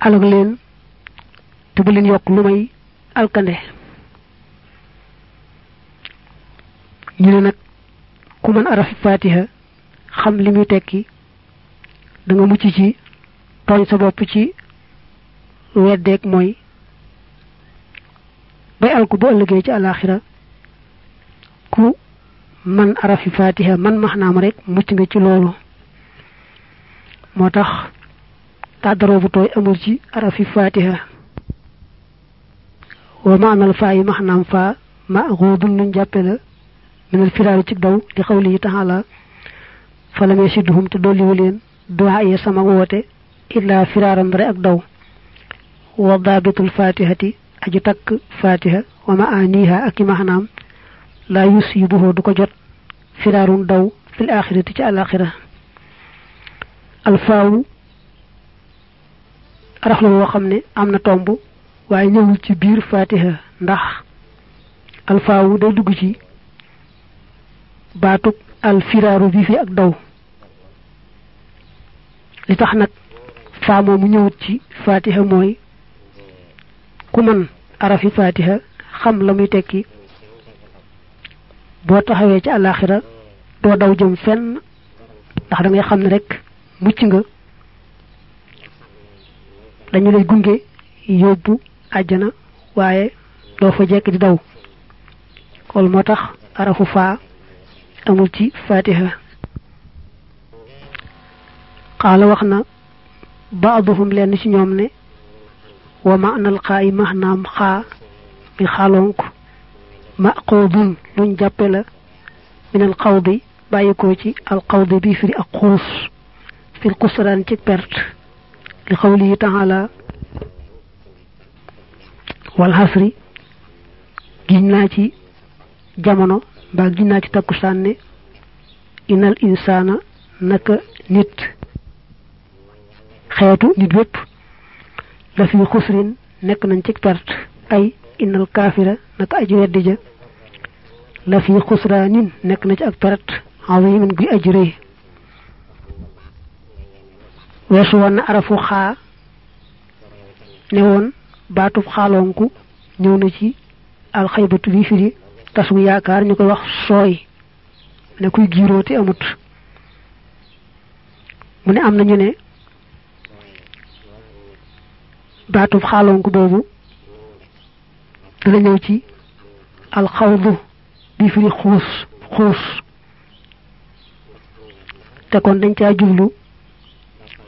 alag leen te bu leen yokk lu may alkande ñu ne nag ku mën arafi fatiha xam li muy tekki da nga mucc ci tooñ sa bopp ci weddeeg mooy bay alku bu ëllëgee ci àlaxira ku man arafi fatiha man maxnaam rek mucc nga ci loolu moo tax tàddaroo bu tooy amul ci arafi fatiha wa maanal faa yi maxnaam faa ma ruubul nuñ jàppe minal firaaru ci daw li xawli yi taxaala falam yasidhum te dolliwu leen duwaa yee sama woote illaa firaaran ndare ak daw wa daabitul fatihati aju takk fatiha wa aniha ak i maxanaam laa yus yu buhoo du ko jot firaarun daw fil axirati ci alaxira alfaawu arax la xam ne am na tomb waaye ñëwul ci biir fatiha ndax alfaawu day dugg ci baatub alfiraaru bi fi ak daw li tax nag faamoo mu ñëwut ci fatiha mooy ku mën arafi fatiha xam la muy tekki boo taxawee ci àllaaxira doo daw jëm fenn ndax dangay xam ne rek mucc nga dañu lay gunge yóbbu àjjana waaye doo fa jekk di daw loolu moo tax arafu faa amul xaala wax na baaduhum lenn ci ñoom ne wa maanal xaa yi maxnaam xaa mi xaalonk ma qoodun luñ jàppe la minal xawdi bàyyikoo ci al xawdi bi firi ak xuus fil xusraan ci perte li xawli yi taxala wal giñ naa ci jamono mbaa giñ ci takku sànne inal insaana naka nit xeetu nit wépp la xusrin nekk nañ ci perte ay inal kaafira naka aji weddi ja xusraanin nekk na ci ak perte azimin guy aji rëy weesu woon arafu xaa ne woon baatub xaalonku ñëw na ci alxaybatu bi firi tasum yaakaar ñu koy wax sooy ne kuy giiroo te mu ne am na ñu ne baatub xaalonku boobu dana ñëw ci alxawdu bi firi xuus xuus te kon dañ caa jublu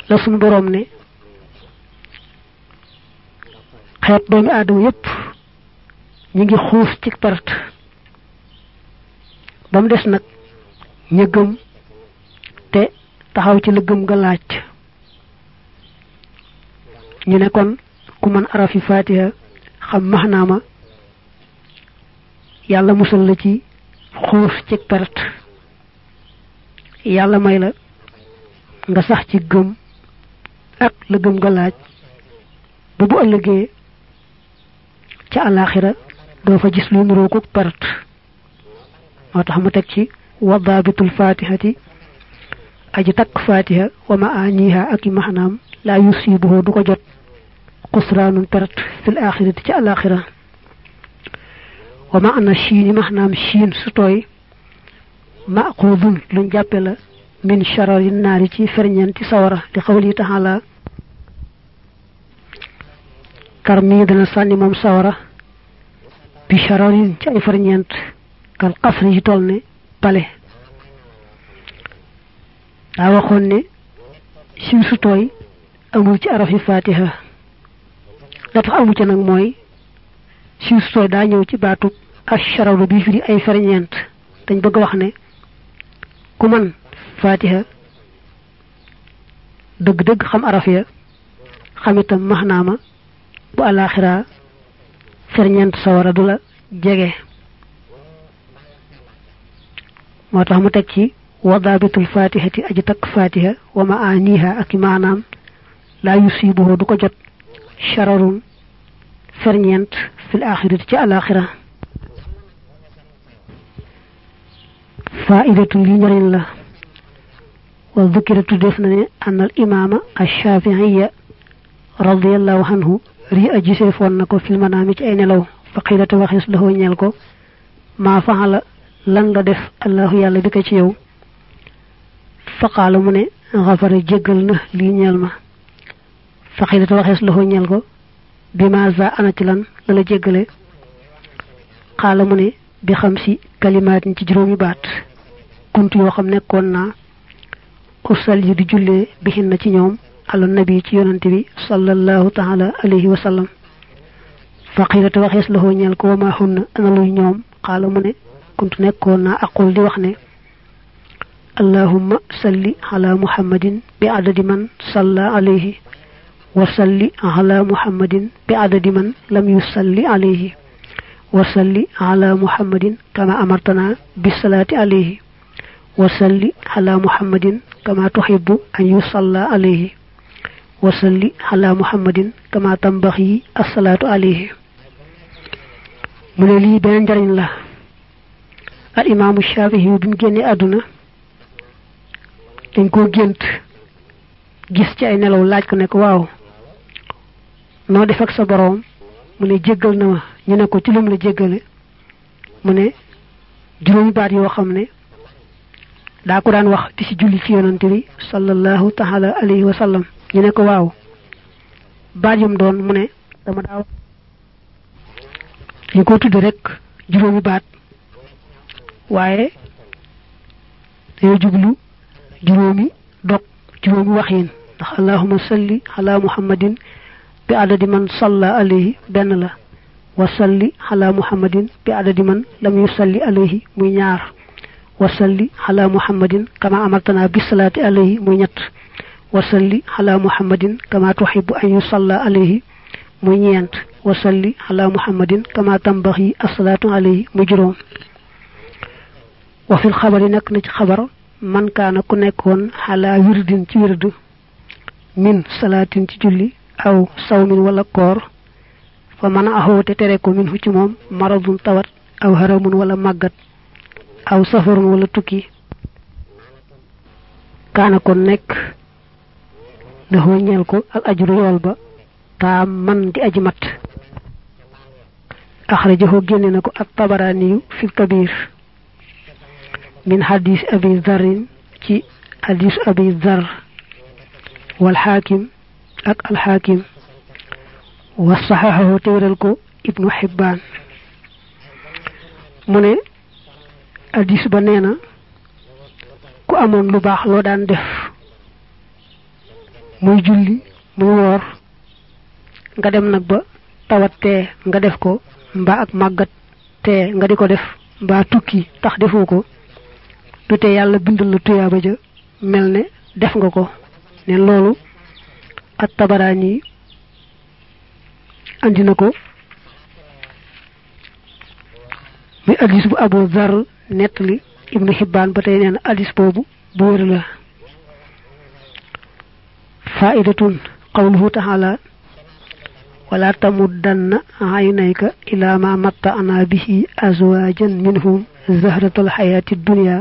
la suñu boroom ne xeet doomi aadama yépp ñi ngi xuus ci perte ba mu des nag ña gëm te taxaw ci la gëm nga laaj ñu ne kon ku mën arafi fatiha xam maxnaama yàlla musal la ci xuus ci perte yàlla may la nga sax ci gëm ak la nga laaj ba bu ëllëgee ca àllaaxira doo fa gis lu nuroo ko moo tax mu teg ci wa daabitul fatihati aji takk fatiha wa maaniha ak i maxnaam laa yusibuhu du ko jot xusraanun perte fil axirati ci alaxira wa maana chiini maxnaam chiin su tooy maqudun luñ jàppe la min charari naari ci ferñeenti sawara di xawli taxala kar mi dana sànni moom sawara bi chararin ci ay ferñeent kal xasr yi daa waxoon ne siw su amul ci araf yi fatiha la tax amu nag mooy siw su daa ñëw ci baatub asharaba bi firi ay ferñeent dañ bëgg wax ne ku man fatiha dëgg-dëgg xam araf ya xam itam maxnaama bu àllaaxira ferñeent sawara du la jege moo tax mu teg ci wadaabitul fatihati takk fatiha wa ma aniha ak i maanaam laa yusibuhu du ko jot chararun ferñeent fil axirati ci alaxira faidatu li njëriñ la wa dukiratu def na a gisee ko fil ci ay nelaw faqiilata waxees lahoo ñeel ko maa faxala lan la def allahu yàlla bi ko ci yow faqaala mu ne xafara jéggal na lii ñeel ma faqilata waxees loxo ñeel ko bi ma za ana ci lan la la jéggale xaala mu ne bi xam si kalimaat ni ci juróomi baat kunt yoo xam nekkoon naa usal yi di jullee bihin na ci ñoom ala nabi ci yonante bi sallallahu taala alayhi wa sallam waxees loxo ñeel ko wama xun na ana luy ñoom xaala mu ne kuntu nekkoon naa aqul di wax ne allahumma salli ala muhammadin bi adadi man salla alayhi wa salli ala muhammadin bi adadi man lam yusalli alayhi wa salli ala muhammadin kama amartana bi salaati alayhi wa salli ala muhammadin kama tuhibbu an yusalla alayhi wa salli ala muhammadin kama tambaxi asalaatu alayhi mu ne lii beneen njariñ la al imaamu Shaafihi bi mu génnee àdduna dañ koo gént gis ci ay nelaw laaj ko ne ko waaw noo def ak sa boroom mu ne jéggal na ma ñu ne ko ci lum la jéggale mu ne juróomi baat yoo xam ne daa ko daan wax di ci julli ci yonante bi sallallahu taala alayhi wa ñu ne ko waaw baat yum doon mu ne dama daa ñu ko tudd rek juróomi baat waaye dañoo jublu juróomi dog juróomi wax yin ndax allahuma salli ala muhammadin bi adadi man salla alayhi benn la wa salli ala muhammadin bi adadi man lam yu salli alayhi muy ñaar wa salli ala muhammadin kama amartana bi salaati alayhi muy ñett wa salli ala muhammadin kama tuxibu an yusalla alayhi muy ñeent wa salli ala muhammadin kama tambaxi asalaatu alayhi muy juróom wa fil xabari nekk na ci xabar man kaana ku nekkoon xalaa wirdin ci wird min salaatin ci julli aw sawmin wala koor fa mën a axoo te tere ko min hu ci moom maradun tawat aw haramun wala màggat aw safarun wala tukki kaana kon nekk dafa ñeel ko al ajru yool ba taa man di aji mat axrajahu génne na ko at tabaraaniyu fil kabir min xadis abi zarin ci xadis abi zar wal xaakim ak alxaakim wa saxaxahu ko ibnu xibbaan mu ne xadis ba nee na ku amoon lu baax loo daan def muy julli muy woor nga dem nag ba tawat tee nga def ko mbaa ak màggat tee nga di ko def mbaa tukki tax defoo ko du te yàlla bindal la tuyaaba ja mel ne def nga ko ne loolu ak tabaraan yi andi na ko muy addis bu Abu Zar nettali Ibnu Hibbaan ba tey nee addis boobu bu wér la faidatun qawluhu taala wala tamuddanna aynayka ila ma matta ana bihi azwajan minhum zahratal hayati dunya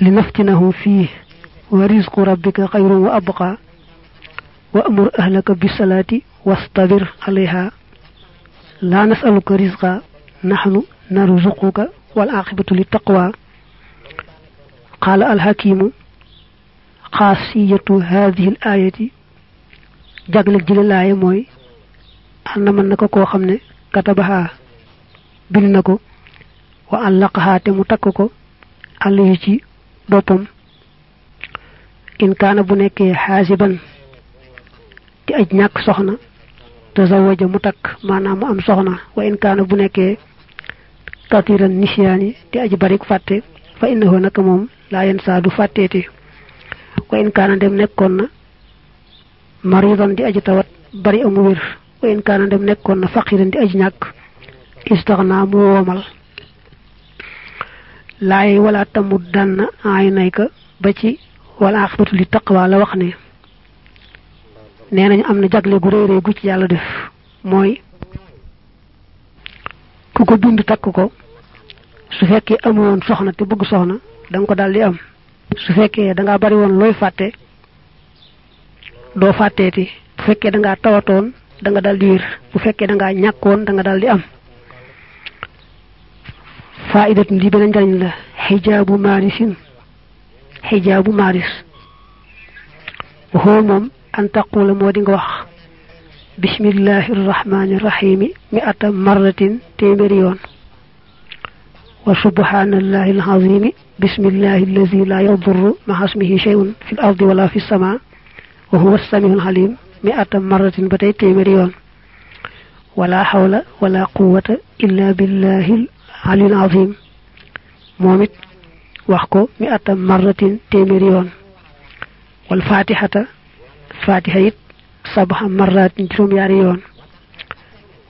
li naftinahu fii wa risqu rabbika xayrun wa abqa wa amur ahlaka bisalaati wastabir alayha laa nasaluka risqa naxnu narzuquka wal aqibatu li xaasiyatu hadihi l ayati jagleg mooy ànd mën na ko koo xam ne katabaxaa bind na ko wa àllaqaxaa te mu takk ko àll ci boppam in kaana bu nekkee xaasiban di aj ñàkk soxna tazawaja mu takk maanaam mu am soxna wa in kaana bu nekkee katiran nisyaani di aj barik fàtte fa innahu naka moom laa yenn saa du wa in kaana dem nekkoon na maridan di aji tawat bari amu wér wa in kaana dem nekkoon na faqiran di aj ñàkk istaxnaa mu woomal laay wala tamut dànn ay nay ka ba ci wala axibatu li taqwa la wax ne nee nañu am na jagle gu réy réy gu ci yàlla def mooy ku ko bind takk ko su fekkee amoon soxna te bëgg soxna da nga ko daal di am su fekkee da ngaa bari woon looy fàtte doo fàtteeti bu fekkee da ngaa tawatoon da nga daal di wér bu fekkee da ngaa ñàkkoon danga nga daal di am faidatun lii beneen njariñ la xijaabu maarisin xijaabu maaris waxoo moom an taqula moo di nga wax bismillahi irrahmani irrahimi mi ata marratin téeméeri yoon wa subhanallahi alazimi bismillahi allazi la yadurru ma hasmihi shay'un fi l ardi wala fi sama wa huwa samiul alim mi ata marratin ba tey téeméeri yoon wala hawla wala quwata illa billahi alin azim moom it wax ko mi ata marratin téeméeri yoon wal fatihata fatiha it sabaxa marratin juróom-yaari yoon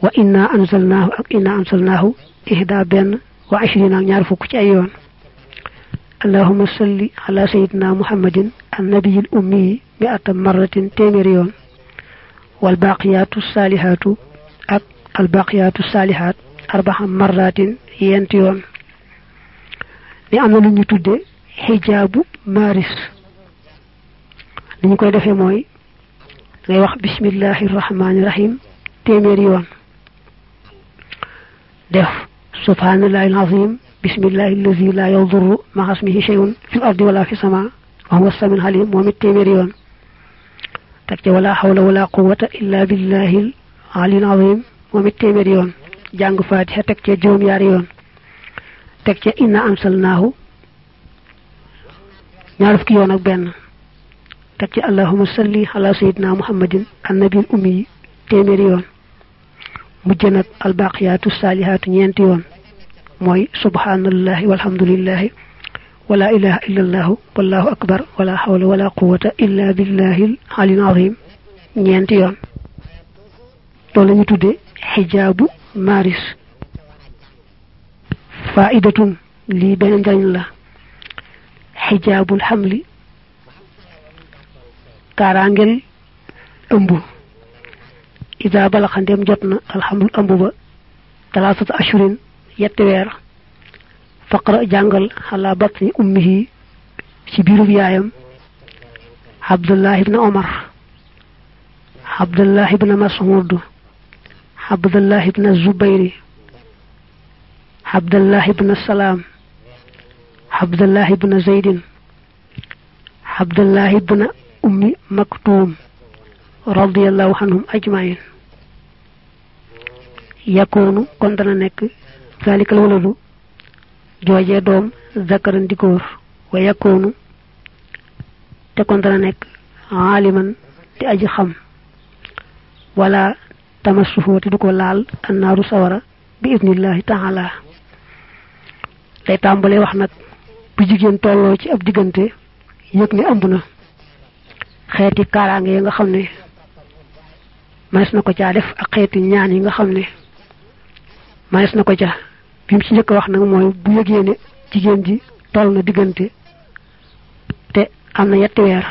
wa inna anzalnaahu ak inna anzalnaahu ihda benn wa ashrina ak ñaar fukk ci ay yoon allahuma salli ala sayidina muhammadin annabiyil ummi mi ata marratin téeméeri yoon wal baqiyaatu saalihaatu ak al baqiyaatu saalihaat arbaxa marratin yent yoon ni am na lu ñu tudde xijaabu maaris li ñu koy defe mooy ngay wax bismillahi rahmaani rahim téeméeri yoon def subhanallahi alazim bismillahi la yadurru ma ismihi shay'un fil ardi wala fi sama wa huwa samin halim moom yoon teg wala xawla wala quwata illa billahi alil azim moom yoon jàng fatiha teg ca juróom-ñaari yoon teg ca inna ansalnaahu ñaar fukki yoon benn teg ca allahumma salli ala sayyidina muhammadin annabil ummi yi téeméeri yoon mujj nag albaqiyaatu saalihaatu ñeenti yoon mooy subhaanallahi walhamdulillahi wala ilaha illa allahu akbar wala hawla wala quwata illa billahi alil azim ñeenti yoon loolu ñu tuddee xijaabu maaris faidatun lii benn njariñ la xijaabul xamli kaaraangel ëmb ida balaxa ndem jot na alxamlu ëmb ba talaasata ashurin yetti weer faqra jàngal xalaa batni ummihi ci biirub yaayam abdullah ibna omar abdullah ibna mas'ud abdallah ibn zubayri abdallah ibn salaam abdallah ibn zaydin abdallah ibn ummi maktuum radiallahu anhum ajmain yakoonu kon dana nekk zalikal waladu joojee doom zakaran di góor wa yakoonu te kon dana nekk aaliman di aji xam wala tamassuhu te du ko laal annaaru sawara bi idnillahi taala day tàmbalee wax nag bu jigéen tolloo ci ab diggante yëg ne ëmb na xeeti kaaraange yi nga xam ne mënees na ko caa def ak xeeti ñaan yi nga xam ne mënees na ko caa bi mu ci njëkk wax nag mooy bu yëgee ne jigéen ji toll na diggante te am na yetti weer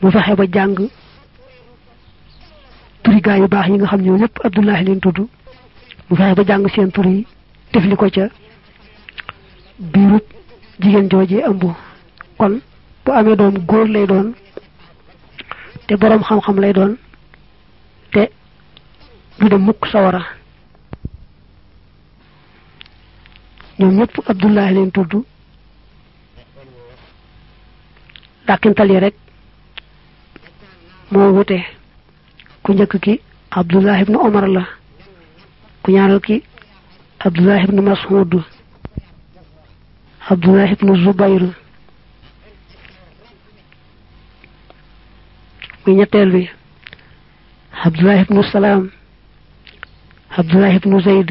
mu fexe ba jàng turi gaa yu baax yi nga xam ne ñëpp Abdullahi leen tudd mu fexe ba jàng seen tur def li ko ca biirut jigéen joojee ëmb kon bu amee doom góor lay doon te boroom xam-xam lay doon te du dem mukk sawara ñoom ñëpp Abdullahi leen tudd dàkkintal yi rek moo wute ku njëkk ki abdullah ibnu omar la ku ñaaral ki abdullah ibnu mas'ud abdullah ibnu zubayr muy ñetteel bi abdullah ibnu salaam abdullah ibnu zayd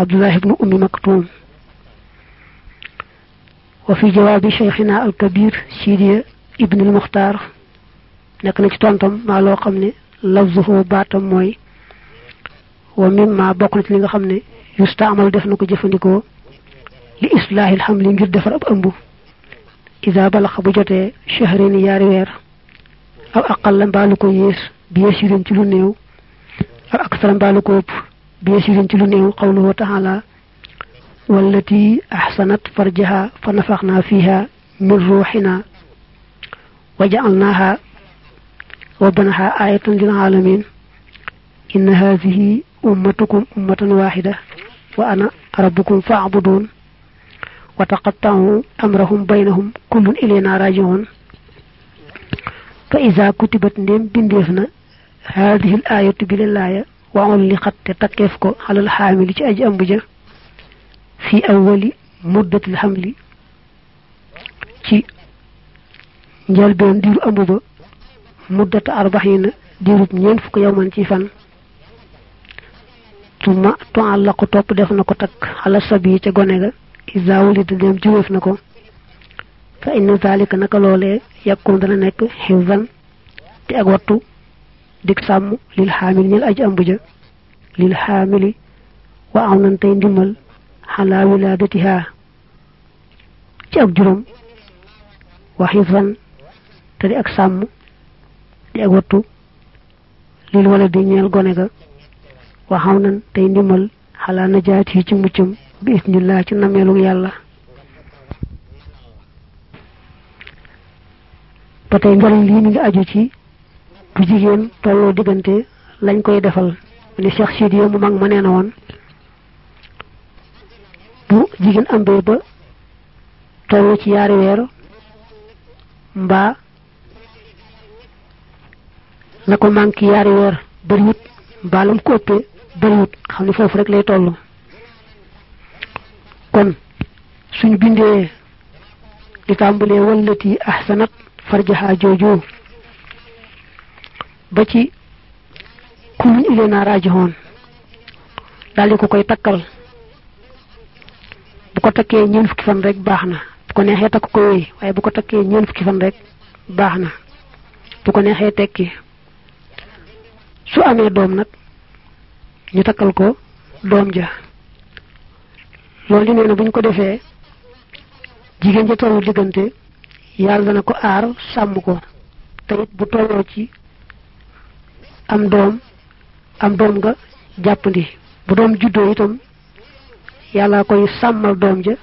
abdullah ibnu ummi maktum wa jawaabi cheikhina al kabir sidiya ibnu muxtaar nekk na ci tontam maa loo xam ne lafzuhu baatam mooy wa mimma ci li nga xam ne yustaamal def na ko jëfandikoo li islaahil hamli ngir defar ab ëmb ida balax bu jotee shahrini yaari aw aqalla mbaalu ko yées bi ci lu néew aw aksara mbaalu ko ëpp ci lu néew qawluhu taala wallati ahsanat farjaha fa nafaxna fiha min ruuxina wa wa banaha ayatun lil alamin inna hadhihi ummatukum ummatan wahida rabbukum fa'budun wa taqatta'u amrahum baynahum kullun ilayna raji'un fa iza kutibat ndem bindeef na hadhihi al ayatu bi lillaaya ko xalal xaamili fi awwali muddatil xamli ci njëlbeen diiru ambu muddata arbaxina diirub ñeent fukk yow man ci fan summa toal la ko topp def na ko takk ala sab yi ca gone ga isa wulida dem juwéef na ko fa inna zalika naka loolee yàkkun dana nekk xifdan di ak wattu dig sàmm lil xaamil ñel aji ëmb ja xaamili wa am nan tey ndimbal xalaa wilaadatiha ci ak juróom wa xifdan te di ak sàmm di ak wattu lil wala di ñeel gone ga waxaw nan tey ndimbal xalaa najaat yi ci muccam bi it ñu laa ci nameelu yàlla ba tey njariñ lii mi ngi aju ci bu jigéen tolloo diggante lañ koy defal ni Cheikh Sidi mu mag ma nee woon bu jigéen ambee ba toll ci yaari weer mbaa la ko manqué yaari weer bëriwut mbaalam ko ëppee bëriwut xam ne foofu rek lay toll kon suñ bindee di tàmbalee wallati ahsanat farjaha jooju ba ci kunuñ ileena raajihoon daal di ko koy takkal bu ko takkee ñeent fukki fan rek baax na bu ko neexee takk ko yooyu waaye bu ko takkee ñeent fukki fan rek baax na bu ko neexee tekki su amee doom nag ñu takkal ko doom ja loolu li nee na bu ko defee jigéen ja tollu diggante yàlla dana ko aar sàmm ko tamit bu tolloo ci am doom am doom nga jàppandi bu doom juddoo itam yàllaa koy sàmmal doom ja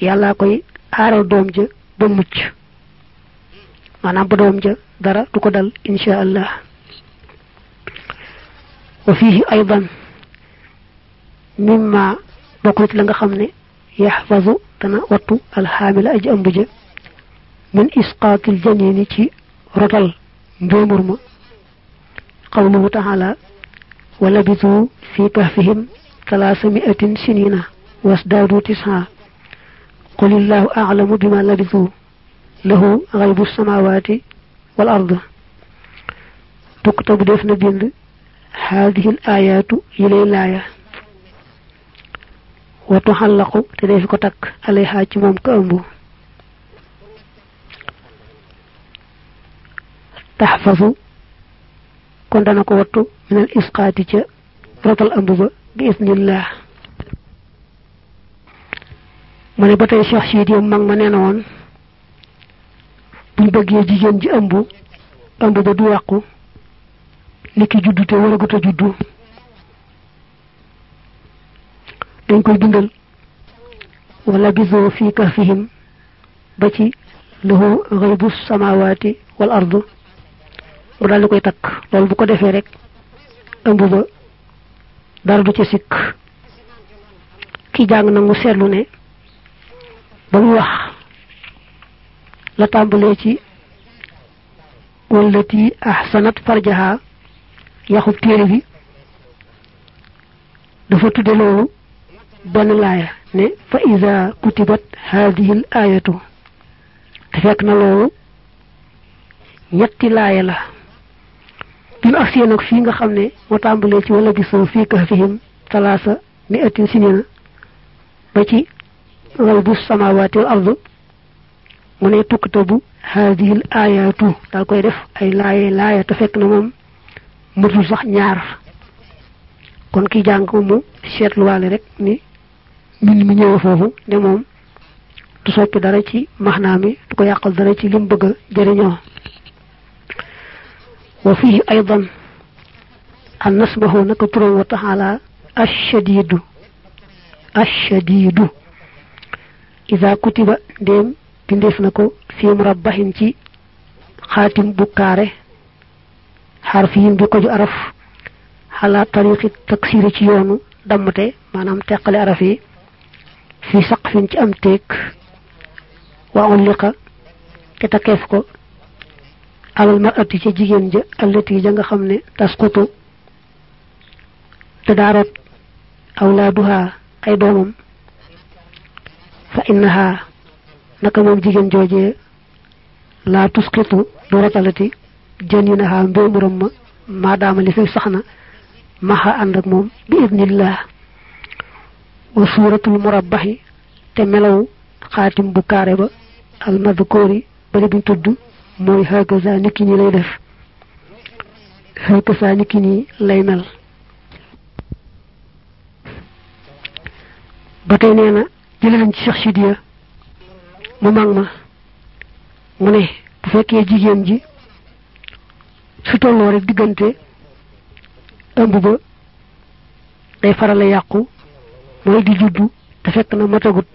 yàllaa koy aar doom ja ba mucc maanaam ba doom ja dara du ko dal incha wa fiihi aydan mimma bokk na ci la nga xam ne yaxfazu dana wattu alxaamila aji ëmb ja min isqaatil janini ci rotal ndóomur ma qawluhu taala wa labitu fi kahfihim talaasa miatin sinina wasdaadu tisaa qulillahu aclamu bima labitu lahu xaybu samawaati wal ard tukk tabu def na bind xaadihil ayaatu te dee fi ko takk alayha ci moom ka ëmb taxfasu kon dana ko wattu minal isqaati ca rotal ëmb ba bi isnillah ne ba tey Cheikh Siidi mag ma nee na woon buñ bëggee jigéen ji ëmb ëmb ba du yàqu li ki juddu te waragut a juddu dañ koy bindal wala bisoo fii kahfihim ba ci lahu xaybu samawaati wal ard mu daal koy takk loolu bu ko defee rek ëmb ba dara du ca sikk ki jàng nag mu seetlu ne ba mu wax la tàmbalee ci wallati ahsanat farjaha waxu téere bi dafa tudde loolu benn laaya ne fa ida kutibat haadihil ayatu te fekk na loolu ñetti laaya la bi nu agsee nag fii nga xam ne moo tàmbalee ci wala bisoo fii kahfihim talaasa mi atin sinina ba ci wal bu samawaati ardu mu ne tukkata bu haadihil ayatu daal koy def ay laaye laaya te fekk na moom mëtul sax ñaar kon ki jàng mu seetluwaale rek ni mbind mi ñëw foofu ne moom du soppi dara ci maxnaa mi du ko yàqal dara ci lim bëgg a jëriñoo wa fihi aydan an nasbahu naka turam wa ashadiidu ashadiidu ida kutiba ndéem bindeef na ko fi murabbahin ci xaatim bu kaare xarfihim di ko ju araf xalaa tariqi taksiri ci yoonu dammate maanaam teqale araf yi fii saqfin ci am teeg waa ulliqa te takkeef ko alal marati ci jigéen ja allati ja nga xam ne tasqutu te daaroot awlaaduha ay doomam fa innaha naka moom jigéen joojee laa tusqitu du rotalati jën yi na xaa ma maadaama fi sax na maxa ànd ak moom bi idnillah wa suuratul murabbaxi te melaw xaatim bu kaare ba almadkoori ba buñ tudd mooy hakaza niki ni lay def hakaza niki ni lay mel ba tey nee na ci Cheikh Sidiya mu mag ma mu ne bu fekkee jigéen ji su tolloo rek diggante ëmb ba day farala yàqu mooy di juddu te fekk na matagut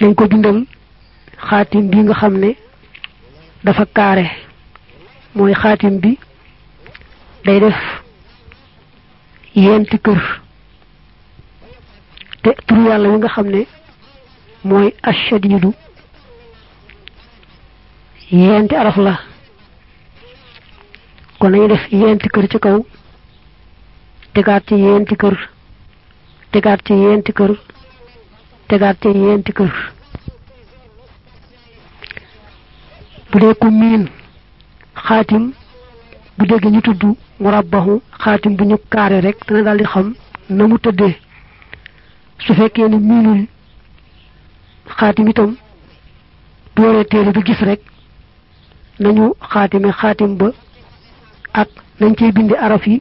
dañ ko bindal xaatim bi nga xam ne dafa kaare mooy xaatim bi day def yenti kër te turu yàlla wi nga xam ne mooy ashadidu yeenti araf la kon nañu def yeenti kër ci kaw tegaat ci yeenti kër tegaat ci yeenti kër tegaat ci yeenti kër bu dee ku miin xaatim bu dégg ñu tudd murabbahu xaatim bu ñu kaare rek dana daal di xam na mu tëddee su fekkee ne miinul xaatim itam bu téere bi gis rek nañu xaatime xaatim ba ak nañ cey bindi araf yi